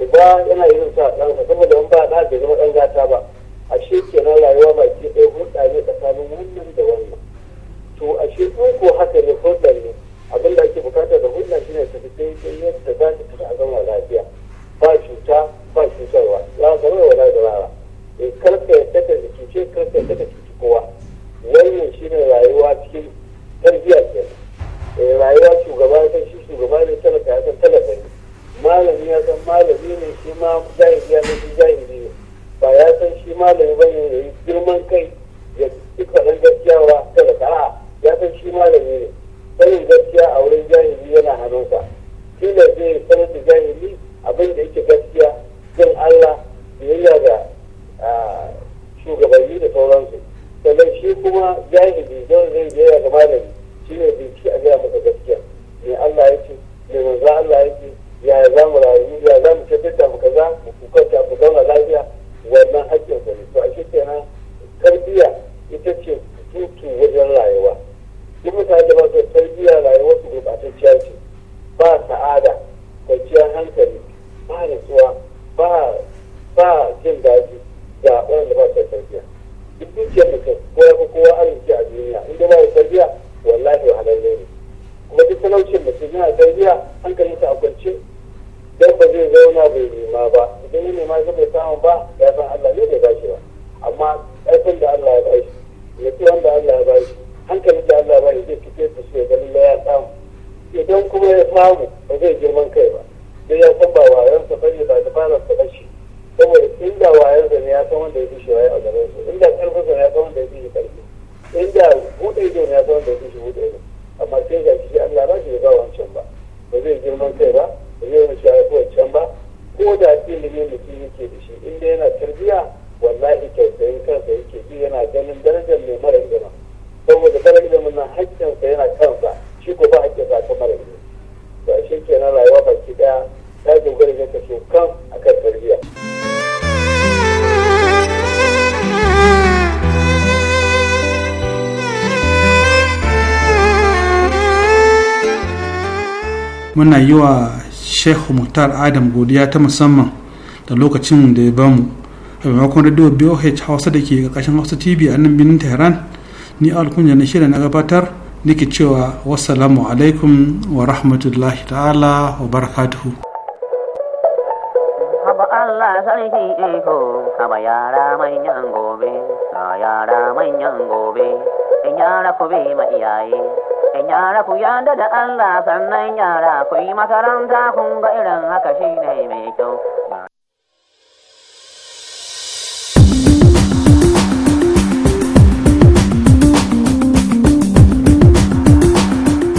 uba yana ilimta wa ɗansa saboda in ba ɗa bai zama ɗan gata ba ashe kenan rayuwa ba ke ɗaya hulɗa ne tsakanin wannan da wannan to a shi ko haka ne hulɗar ne abin da ake bukata da hulɗar shi ne ta fi daidai yadda za ta tafi a zama lafiya ba cuta ba cutarwa la zama wa la zama e eh, karfe ta ta ka ce karfe yadda ta cuci kowa wannan shi ne rayuwa cikin tarbiyya ke eh, rayuwa shugaba ya san shi shugaba ne talaka ya san talaka ne malami ya san malami ne shi ma zahiri ya san shi zahiri ne ba ya san shi malami ba ne ya yi girman kai ya fi kaɗan gaskiya wa talaka a'a ya san shi malami ne sanin gaskiya a wurin jahili yana hannunsa shi ne zai sanar da jahili abin da yake gaskiya jin Allah biyayya ga shugabanni da sauransu sannan shi kuma jahili don zai biyayya ga malami shi ne ci a gaya masa gaskiya me Allah ya ce me manzo Allah ya ce ya za mu rayu ya za mu tabbata mu kaza mu kuka mu zauna lafiya wannan haƙƙin ku ne to a shi kenan tarbiyya ita ce tutu wajen rayuwa duk mutane da ba su tarbiyya rayuwar su gurɓatacciya ce ba sa'ada kwanciyar hankali ba nutsuwa ba ba jin daɗi ga waɗanda ba su tarbiyya duk dukiyar mutum ko ya fi kowa arziki a duniya inda ba su tarbiyya wallahi wahalalle ne kuma duk talaucin mutum yana tarbiyya hankalinsa a kwance dan ba zai zauna bai nema ba idan ya nema zai bai samu ba ya san Allah ne bai ba shi ba amma ƙarfin da Allah ya bashi ya ce wanda Allah ya bashi hankali da Allah ba zai fito da shi ya ganin ya samu idan kuma ya samu ba zai girman kai ba dai ya san ba wayan sa bane ba da fara sa bace saboda inda wayan sa ne ya san wanda ya fi shi waye a gaban su inda karfin sa ya san wanda ya fi shi karfi inda bude ido ne ya san wanda ya fi shi bude ido amma sai ga shi Allah ba shi ya ga wancan ba ba zai girman kai ba ba zai yi shi ya fi wancan muna yi wa shehu muktar adam godiya ta musamman da lokacin da ya bamu a maimakon radio boh hausa da ke ƙarƙashin hausa tv a nan birnin tehran ni alkunya na shirya na gabatar nake cewa wassalamu alaikum wa rahmatullahi ta'ala wa barakatuhu manyan gobe yara ma iyaye Yara ku yarda da Allah sannan yara ku yi makaranta kun ga irin haka shi ne mai kyau.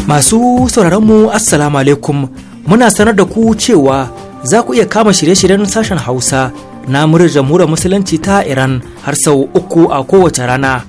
Masu sauraronmu Assalamu alaikum muna sanar da ku cewa za ku iya kama shirye-shiryen sashen Hausa na murar jamhuriyar Musulunci ta Iran har sau uku a kowace rana.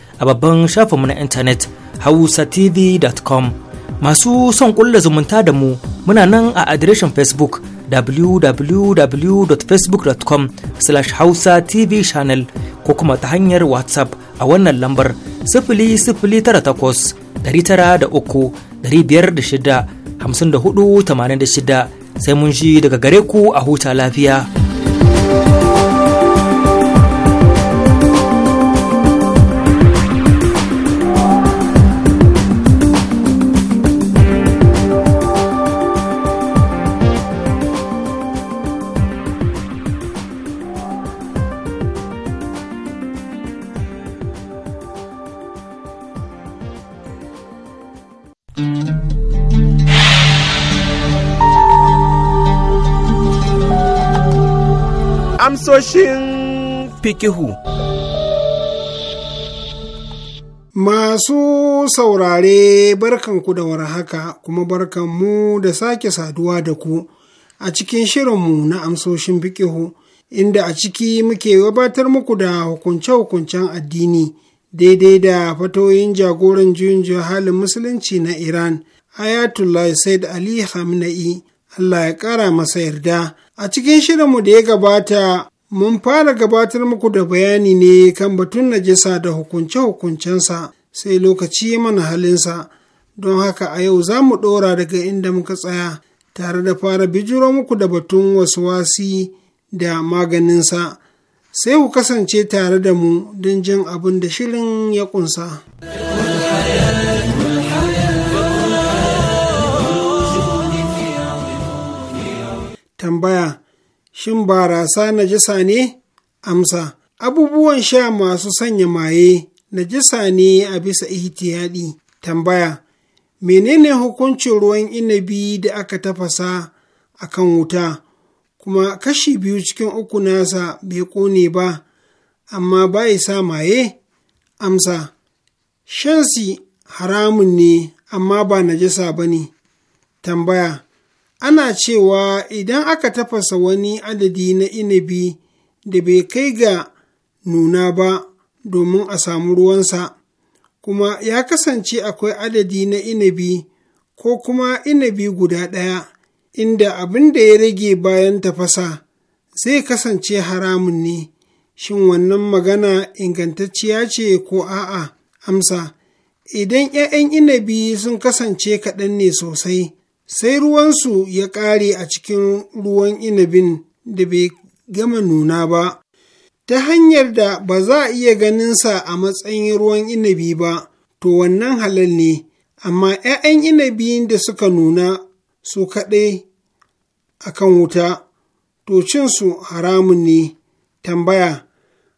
a babban shafinmu na intanet hausatv.com masu son kulla zumunta da mu muna nan a adireshin facebook www.facebook.com slash hausa tv channel ko kuma ta hanyar whatsapp a wannan lambar sifili sifili tara takwas ɗari tara sai mun shi daga gare ku a huta lafiya. fasoshin fikihu. Masu saurare barkanku da warhaka kuma barkanmu da sake saduwa da ku a cikin shirinmu na amsoshin fikihu inda a ciki muke gabatar muku da hukunce-hukuncen addini daidai da fatoyin jagoran juyin halin musulunci na Iran Ayatollah Said Ali Khamenei Allah ya ƙara masa yarda. A cikin shirinmu da ya gabata Mun fara gabatar muku da bayani ne kan batun najasa da hukunce-hukuncensa sai lokaci mana halinsa, don haka a yau za mu ɗora daga inda muka tsaya tare da fara bijiro muku da batun wasu wasi da maganinsa. Sai ku kasance tare da mu don jin abin da shirin ya ƙunsa. Tambaya shin barasa najasa ne? Amsa, abubuwan sha masu sanya maye najasa ne a bisa ihtiyadi. Tambaya, menene hukuncin ruwan inabi da aka tafasa a kan wuta, kuma kashi biyu cikin uku nasa bai ƙone ba, amma ba sa maye? Amsa, shansi haramun ne, amma ba najasa ba ne. Tambaya, ana cewa idan aka tafasa wani adadi na inabi da bai kai ga nuna ba domin a samu ruwansa, kuma ya kasance akwai adadi na inabi ko kuma inabi guda ɗaya, inda abin da ya rage bayan tafasa zai kasance haramun ne, shin wannan magana ingantacciya ce ko a'a amsa, idan ‘ya'yan inabi sun kasance kaɗan ne sosai. sai ruwansu ya ƙare a cikin ruwan inabin da bai gama nuna ba, ta hanyar da ba za a iya ganinsa a matsayin ruwan inabi ba, to wannan halal ne, amma ‘ya'yan inabi da suka nuna su kaɗai a kan wuta, to cinsu haramun ne, tambaya.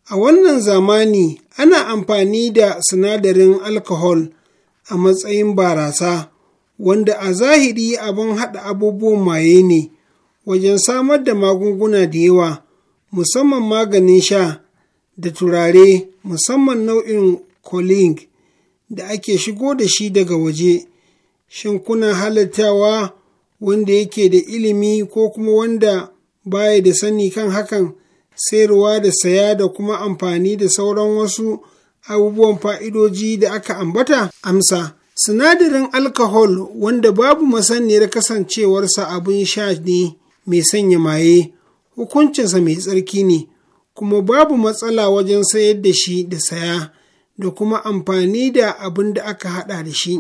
A wannan zamani ana amfani da sinadarin alkohol a matsayin barasa. wanda a zahiri abin haɗa abubuwan maye ne wajen samar da magunguna da yawa musamman maganin sha da turare musamman nau'in coling da ake shigo da shi daga waje shin kuna halattawa wanda yake da ilimi ko kuma wanda baya da sani kan hakan sayarwa da saya da kuma amfani da sauran wasu abubuwan fa'idoji da aka ambata amsa Sinadarin alkahol wanda babu masaniyar kasancewarsa abin sha ne mai sanya maye, hukuncinsa mai tsarki ne, kuma babu matsala wajen sayar da shi da saya da kuma amfani da abin da aka haɗa da shi.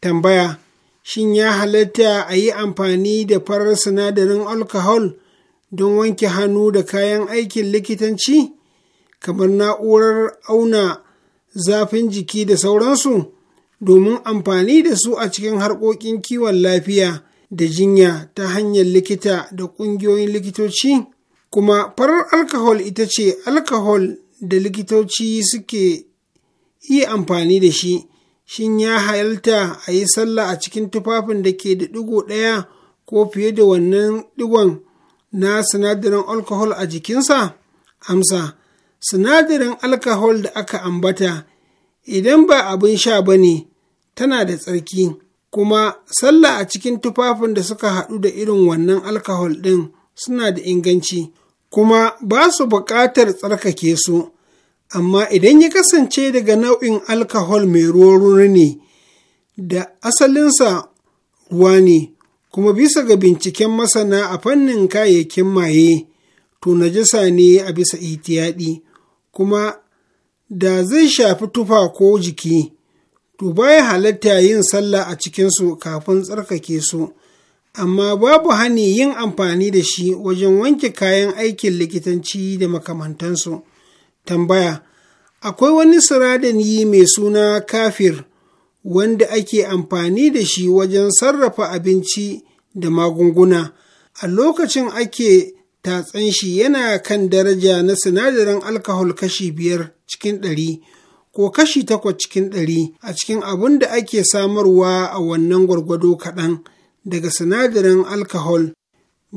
Tambaya, shin ya halatta a yi amfani da farar sinadarin alkahol don wanke hannu da kayan aikin likitanci, kamar na'urar auna zafin jiki da sauransu? domin amfani da su a cikin harkokin kiwon lafiya da jinya ta hanyar likita da ƙungiyoyin likitoci kuma farar alkahol ita ce alkahol da likitoci suke yi amfani da shi shin ya halarta a yi sallah a cikin tufafin da ke da ɗigo ɗaya ko fiye da wannan digon na sinadarin alkahol a jikinsa amsa sinadarin alkahol da aka ambata idan ba abin sha ba ne tana da tsarki kuma sallah a cikin tufafin da suka haɗu da irin wannan alkahol ɗin suna da inganci kuma ba su buƙatar tsarkake su amma idan ya kasance daga nau'in alkahol mai ruwa ne da asalinsa ruwa ne kuma bisa ga binciken masana a fannin kayayyakin maye to najasa ne a bisa itiyadi kuma da zai shafi tufa ko jiki, to baya halatta yin sallah a cikinsu kafin tsarkake su, amma babu hani yin amfani da shi wajen wanke kayan aikin likitanci da makamantansu. Tambaya, akwai wani yi mai suna kafir wanda ake amfani da shi wajen sarrafa abinci da magunguna, a lokacin ake tatsan shi yana kan daraja na sinadarin alkahol kashi biyar. cikin ɗari ko kashi takwas cikin ɗari a cikin abin da ake samarwa a wannan gwargwado kaɗan daga sinadarin alkahol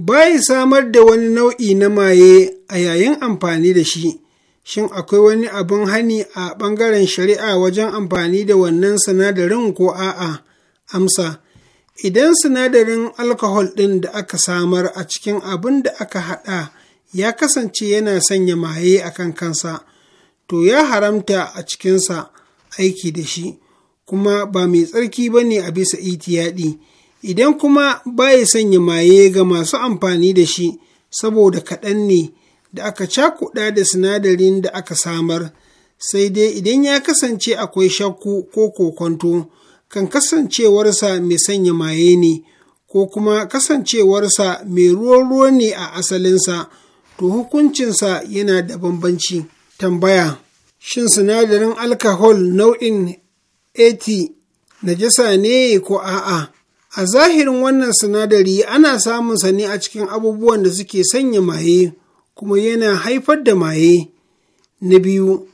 bayi samar da wani nau'i na maye a yayin amfani da shi shin akwai wani abin hani a ɓangaren shari'a wajen amfani da wannan sinadarin ko a'a amsa idan sinadarin alkahol ɗin da aka samar a cikin abin da aka haɗa ya kasance yana sanya maye a kan kansa to ya haramta a cikinsa aiki da shi kuma ba mai tsarki ba ne a bisa itiyaɗi idan kuma ba ya sanya maye ga masu amfani da shi saboda kaɗan ne da aka cakuɗa da sinadarin da aka samar sai dai idan ya kasance akwai shakku ko kokonto kan kasancewarsa mai sanya maye ne ko kuma kasancewarsa mai ruwa-ruwa ne a asalinsa to hukuncinsa yana da bambanci. Tambaya, shin sinadarin alkahol nau'in 80 najasa ne ko a'a? A zahirin wannan sinadari ana samun sa ne a cikin abubuwan da suke sanya maye kuma yana haifar da maye. Na biyu,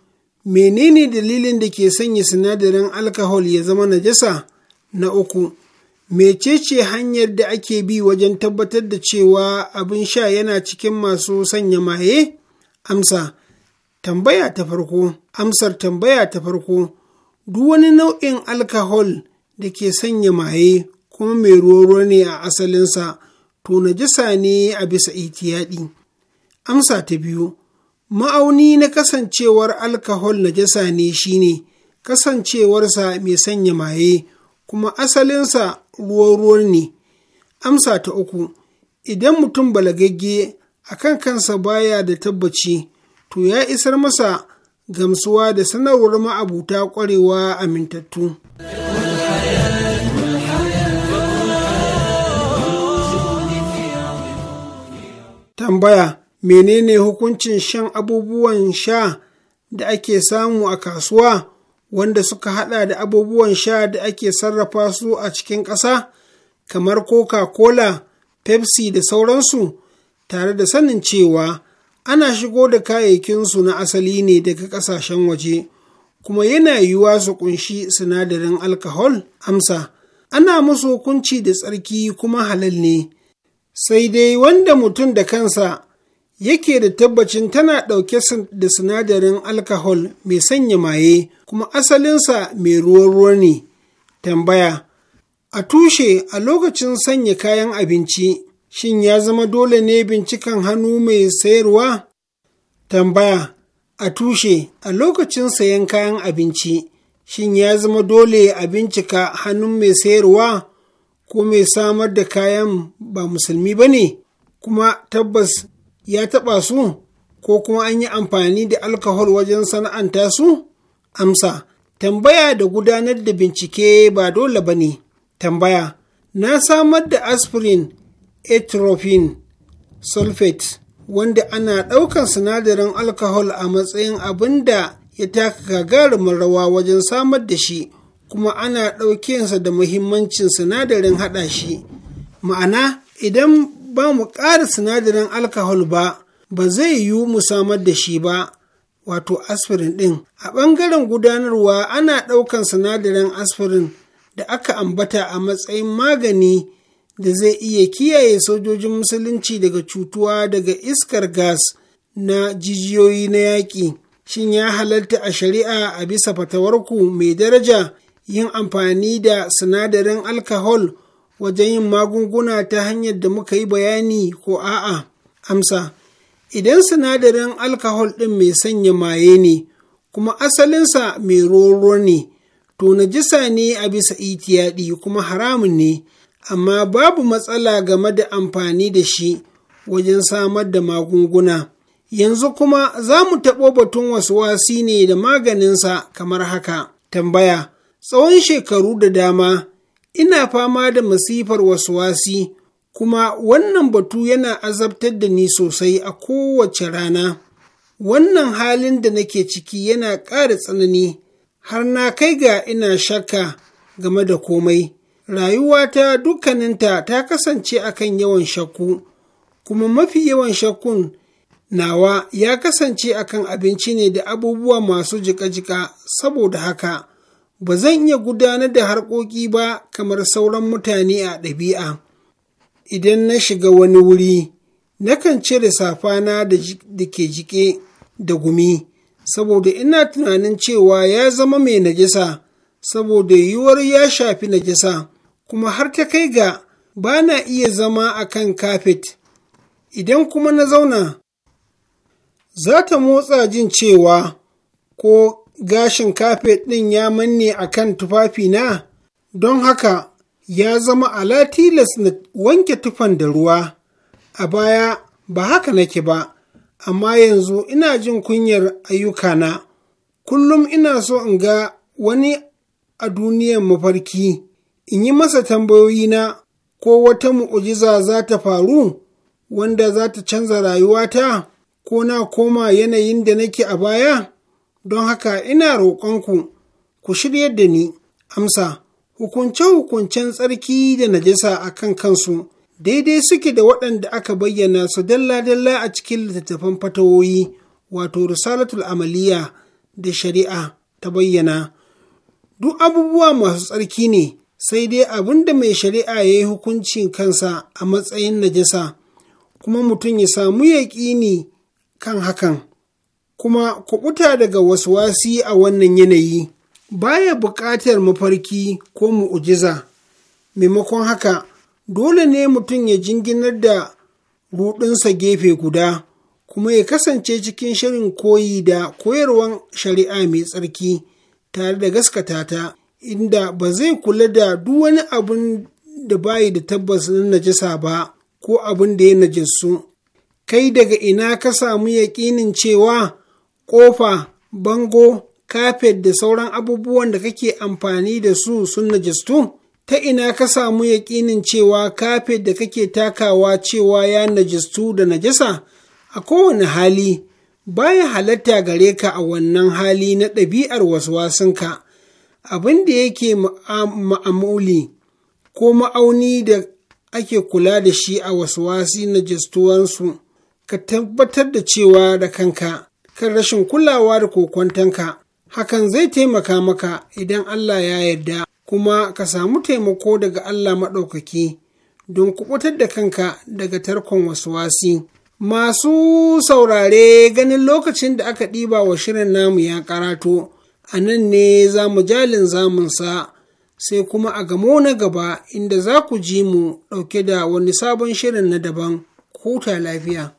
menene dalilin da ke sanya sinadarin alkahol ya zama najasa? Na uku, mecece hanyar da ake bi wajen tabbatar da cewa abin sha yana cikin masu sanya maye? Amsa. Tambaya ta farko, amsar tambaya ta farko, duk wani nau'in alkahol da ke sanya maye kuma mai roro ne a asalinsa, to na jisa ne a bisa itiyaɗi. Amsa ta biyu, ma'auni na kasancewar alkahol na jisa ne shine kasancewarsa mai sanya maye kuma asalinsa ruwan ne. Amsa ta uku, idan mutum balagagge a kan kansa baya da tabbaci to ya isar masa gamsuwa da sanarwar ma'abuta ƙwarewa mintattu. Tambaya menene hukuncin shan abubuwan sha da ake samu a kasuwa wanda suka hada da abubuwan sha da ake sarrafa su a cikin ƙasa kamar coca-cola pepsi da sauransu tare da sanin cewa ana shigo da kayayyakinsu na asali ne daga ƙasashen waje kuma yana yiwuwa su kunshi sinadarin alkahol amsa ana musu hukunci da tsarki kuma halal ne sai dai wanda mutum da kansa yake da tabbacin tana ɗauke da sinadarin alkahol mai sanya maye kuma asalinsa mai ruwan ruwa ne tambaya a tushe a lokacin sanya kayan abinci shin ya zama dole ne binciken hannu mai sayarwa? Tambaya, a tushe, a lokacin sayan kayan abinci, shin ya zama dole a bincika hannun mai sayarwa ko mai samar da kayan ba musulmi ba ne, kuma tabbas ya taɓa su ko kuma an yi amfani da alkahol wajen sana'anta su? Amsa, tambaya da gudanar da bincike ba dole ba ne. Tambaya, na samar da aspirin atropine sulfate wanda ana ɗaukan sinadarin alkahol a matsayin abin da ya taka gagarumin rawa wajen samar da shi kuma ana ɗaukensa da muhimmancin sinadarin haɗa shi ma'ana idan ba mu ƙara sinadarin alkahol ba ba zai yiwu mu samar da shi ba wato aspirin ɗin a ɓangaren gudanarwa ana ɗaukan sinadarin aspirin da aka ambata a matsayin magani da zai iya kiyaye sojojin musulunci daga cutuwa daga iskar gas na jijiyoyi na yaƙi shin ya halarta a shari'a a bisa fatawarku mai daraja yin amfani da sinadarin alkahol wajen yin magunguna ta hanyar da muka yi bayani ko a'a amsa idan sinadarin alkahol ɗin mai sanya maye ne kuma asalinsa mai roro ne to najisa ne a bisa itiyaɗi kuma haramun ne amma babu matsala game da amfani da shi wajen samar da magunguna. Yanzu kuma za mu taɓo batun wasu wasi ne da maganinsa kamar haka. Tambaya, tsawon shekaru da dama, ina fama da masifar wasu wasi, kuma wannan batu yana azabtar da ni sosai a kowace rana. Wannan halin da nake ciki yana ƙara tsanani, har na kai ga ina shakka game da komai. rayuwata dukkaninta ta kasance akan yawan shakku kuma mafi yawan shakkun nawa ya kasance akan abinci ne da abubuwa masu jika-jika saboda haka ba zan iya gudanar da harkoki ba kamar sauran mutane a ɗabi'a idan na shiga wani wuri nakan cire safana da ke jike da gumi saboda ina tunanin cewa ya zama mai najisa saboda yiwuwar ya shafi najisa kuma har ta kai ga ba na iya zama a kan kafet, idan kuma na zauna, za ta motsa jin cewa ko gashin kafet ɗin ya manne a kan tufafina, don haka ya zama ala tilas na wanke tufan da ruwa. A baya ba haka nake ba, amma yanzu ina jin kunyar ayyukana, kullum ina so in ga wani a duniyan mafarki in yi masa tambayoyi na ko wata mu'ujiza za ta faru wanda za ta canza rayuwata ko na koma yanayin da nake a baya don haka ina roƙonku ku shirya da ni amsa hukunce-hukuncen tsarki da najasa a kan kansu daidai suke da waɗanda aka bayyana su dalla-dalla a cikin littattafan fatawoyi wato risalatul amaliya da shari'a ta bayyana duk abubuwa masu tsarki ne sai dai abin da mai shari'a ya yi hukuncin kansa a matsayin najasa kuma mutum ya samu yaƙini kan hakan kuma kuɓuta daga wasu wasi a wannan yanayi baya buƙatar mafarki ko mu'ujiza maimakon haka dole ne mutum ya jinginar da ruɗinsa gefe guda kuma ya kasance cikin shirin koyi da koyarwan shari'a mai tsarki tare da gaskata ta inda ba zai kula da duk wani abin da bayi da tabbas na najisa ba ko abin da ya najisu kai daga ina ka samu yaƙinin cewa ƙofa bango kafet da sauran abubuwan da kake amfani da su sun najistu ta ina ka samu yaƙinin cewa kafet da kake takawa cewa ya najistu da najisa? a kowane hali baya halatta gare ka a wannan hali na ɗabi'ar wasu ka abin da yake ma'amuli ko ma'auni da ake kula da shi a wasu wasi na jistuwansu ka tabbatar da cewa da kanka kan rashin kulawa da kokwantanka hakan zai taimaka maka idan Allah ya yarda kuma ka samu taimako daga Allah maɗaukaki don kuɓutar da kanka daga tarkon wasu wasi. Masu saurare ganin lokacin da aka ɗiba wa shirin namu ya karato. a nan ne za mu jalin zamunsa sai kuma a gamo na gaba inda za ku ji mu ɗauke da wani sabon shirin na daban huta lafiya.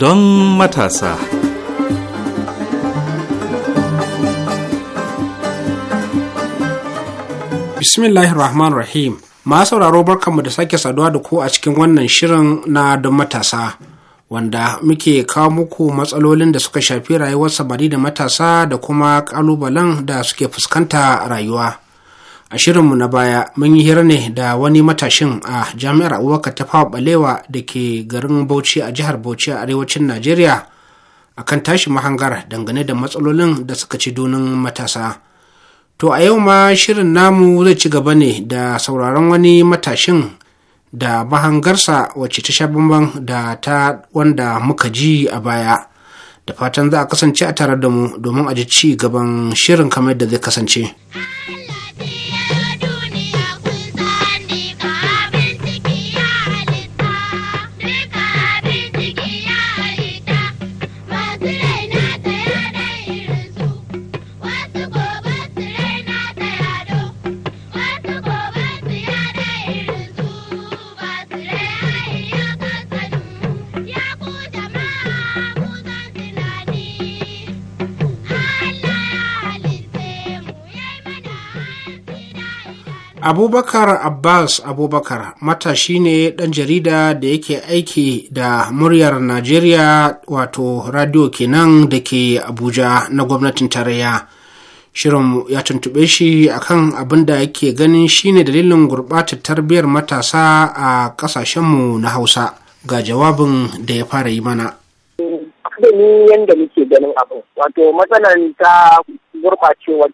don matasa. Bismillahir rahman Rahim. Ma sauraro barkanmu da sake saduwa da ku a cikin wannan shirin na don matasa. Wanda muke kawo muku matsalolin da suka shafi rayuwar samari da matasa da kuma ƙalubalen da suke fuskanta rayuwa. a shirinmu na baya mun yi hira ne da wani matashin a jami'ar abubakar ta fawa balewa da ke garin bauchi a jihar bauchi a arewacin najeriya a kan tashi mahangar dangane da matsalolin da suka ci donin matasa to a yau ma shirin namu zai ci gaba ne da sauraron wani matashin da mahangarsa wacce ta sha bamban da ta wanda muka ji a baya da fatan za a kasance a tare da mu domin a ji ci gaban shirin kamar da zai kasance. abubakar abbas abubakar matashi ne ɗan jarida da yake aiki da muryar najeriya wato radio kenan da ke abuja na gwamnatin tarayya shirin ya tuntube shi akan abin da yake ganin shine dalilin gurɓata tarbiyyar matasa a ƙasashenmu na hausa ga jawabin da ya fara yi mana da ni yadda muke ganin abu wato matsalar ta gurɓacewar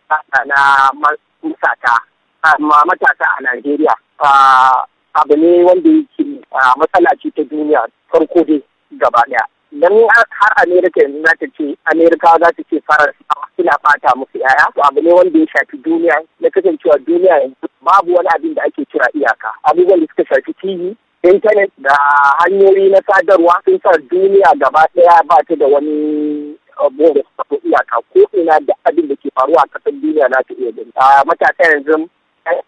na masata Amma matasa a Najeriya abu ne wanda yake matsala ce ta duniya farko dai gaba daya. Don har Amerika yanzu za ta ce Amerika za ta ce fara suna bata musu yaya to abu ne wanda ya shafi duniya na kasancewa duniya yanzu babu wani abin da ake kira iyaka abubuwan da suka shafi TV intanet da hanyoyi na sadarwa sun sa duniya gaba ɗaya ba ta da wani bore iyaka ko ina da abin da ke faruwa a kasar duniya na ta iya gani matasa yanzu ake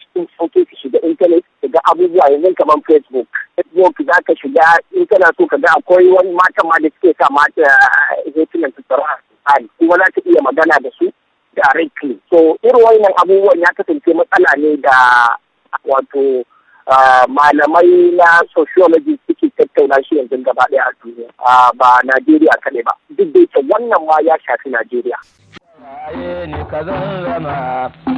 cikin sauƙi ka shiga intanet ka ga abubuwa yanzu kamar facebook facebook za ka shiga in kana so ka ga akwai wani matan ma da suke sa mata eh, hotunan su tsara kuma za ka iya magana da su directly so irin wannan abubuwan ya kasance matsala ne da wato eh, malamai na sociology suke tattauna shi yanzu gaba ɗaya a duniya ba Najeriya kaɗai ba duk da wannan ma ya shafi Najeriya. Aye ni ka zama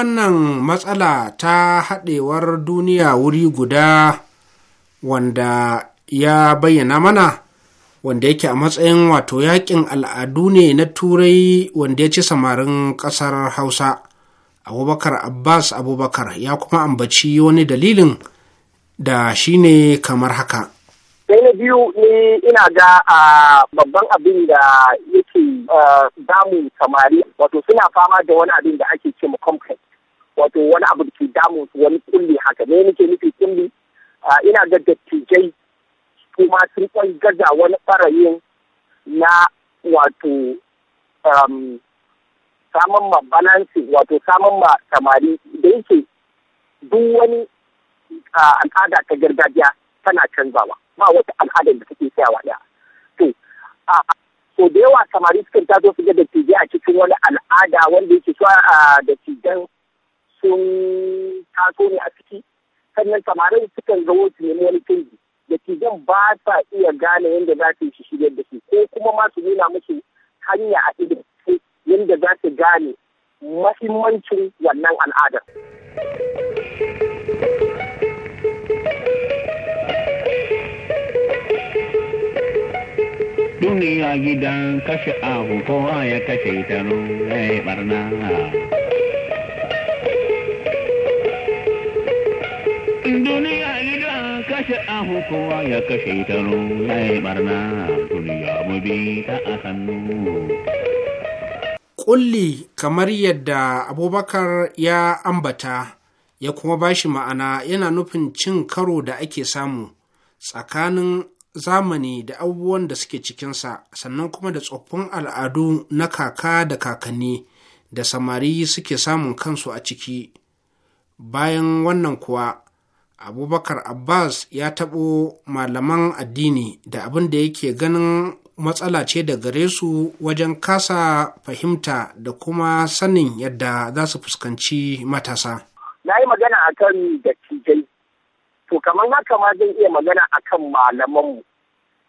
wannan matsala ta haɗewar duniya wuri guda wanda ya bayyana mana wanda yake a matsayin wato yakin al'adu ne na turai wanda ya ci samarin ƙasar hausa abubakar abbas abubakar ya kuma ambaci wani dalilin da shine kamar haka sai na biyu ne ina ga a babban abin da yake damun samari wato suna fama da wani abin da ake ce mu complex wato wani abu da ke damun su wani kulli haka ne nake nufi kulli ah, ina ga dattijai kuma sun kwan gaza wani farayin na wato um, samun ma balansi wato samun ma samari da yake duk wani ah, al'ada ta gargajiya tana canzawa ba wata al'adar da take tsayawa ɗaya to ah, so da yawa samari sukan tazo su ga dattijai a cikin wani al'ada wanda yake so a dattijan sun taso ne a ciki sannan samarin sukan zo su nemi wani canji da zan ba sa iya gane yadda za su yi shi shirya da su ko kuma ma su nuna musu hanya a ido yadda za su gane mahimmancin wannan al'adar. Duniya gidan kashe abu ko ya kashe ita ya barna. duniya idan kashe ahu ya kashe ta ya yi barna duniya mu bi ta a hannu. kamar yadda Abubakar ya ambata ya kuma bashi ma'ana yana nufin cin karo da ake samu tsakanin zamani da abubuwan da suke cikinsa sannan kuma da tsoffin al'adu na kaka da kakanni da samari suke samun kansu a ciki. Bayan wannan kuwa abubakar abbas ya taɓo malaman addini da abin da yake ganin matsala ce da gare su wajen kasa fahimta da kuma sanin yadda za su fuskanci matasa na yi magana a akan dattijai to kamar haka ma zan iya magana a kan malamanmu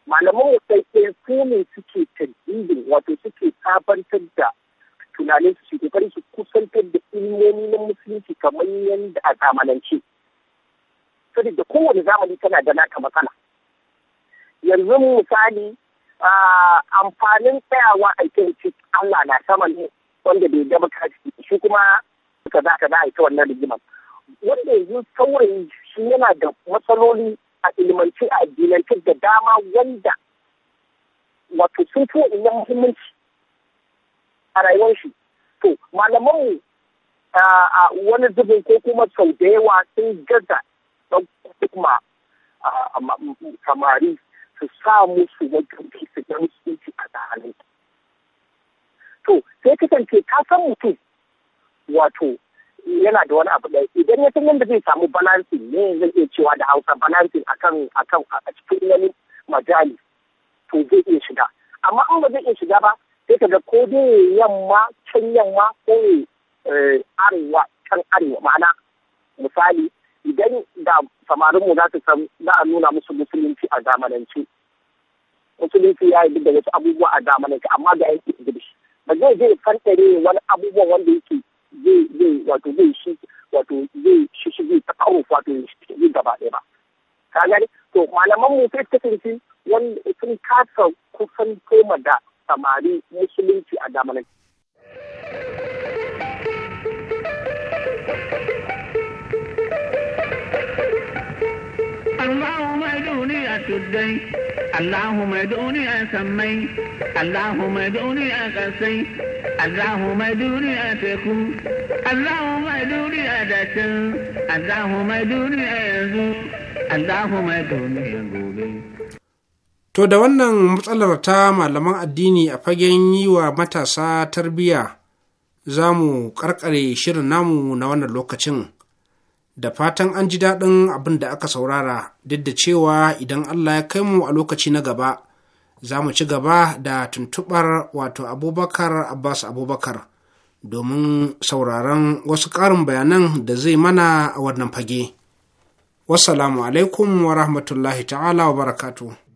malamanmu sai sai su ne suke tajibin wato suke sabantar da tunanin su su kusantar da ilmomi na musulunci kamar yadda a zamanance da kowane zamani tana da naka matsala yanzu misali amfanin tsayawa a wuce Allah na sama ne wanda bai da kashi. shi kuma ka za ka za a ita wannan rigimar wanda yanzu saurayi shi yana da matsaloli a ilimanci a addinance da dama wanda wato sun fi wa'innan muhimmanci a rayuwar shi to malamanmu wani zubin ko kuma sau da yawa sun gaza ɗauko samari su sa musu wajen su don su a tsarin. To, sai kasance ka san mutum wato yana da wani abu ɗaya idan ya san yadda zai samu balancing ne zai iya cewa da hausa balancing akan akan a cikin wani majali to zai iya shiga amma in ba zai iya shiga ba sai ka ga ko dai yamma can yamma ko eh, arewa can arewa ma'ana misali idan da samarin mu za su san za a nuna musu musulunci a zamanance musulunci ya yi duk da wasu abubuwa a zamanance amma da yake girshi ba zai zai fantare wani abubuwan wanda yake zai zai wato zai shi wato zai shi shi zai ta kawo wato shi gaba ɗaya ba ka gani to malaman mu sai kasance wani sun kasa kusan koma da samari musulunci a zamanance الله مدوني أتدين الله مدوني أسمي الله teku, أقسي الله مدوني أتكو الله مدوني To da wannan matsalar ta malaman addini a fagen yi wa matasa tarbiya za mu karkare shirin namu na wannan lokacin. da fatan an ji daɗin abin da aka saurara duk da cewa idan allah ya kai mu a lokaci na gaba za mu ci gaba da tuntuɓar wato abubakar abbas abubakar domin sauraron wasu ƙarin bayanan da zai mana a wannan fage. Wassalamu alaikum wa rahmatullahi ta'ala wa barakatu.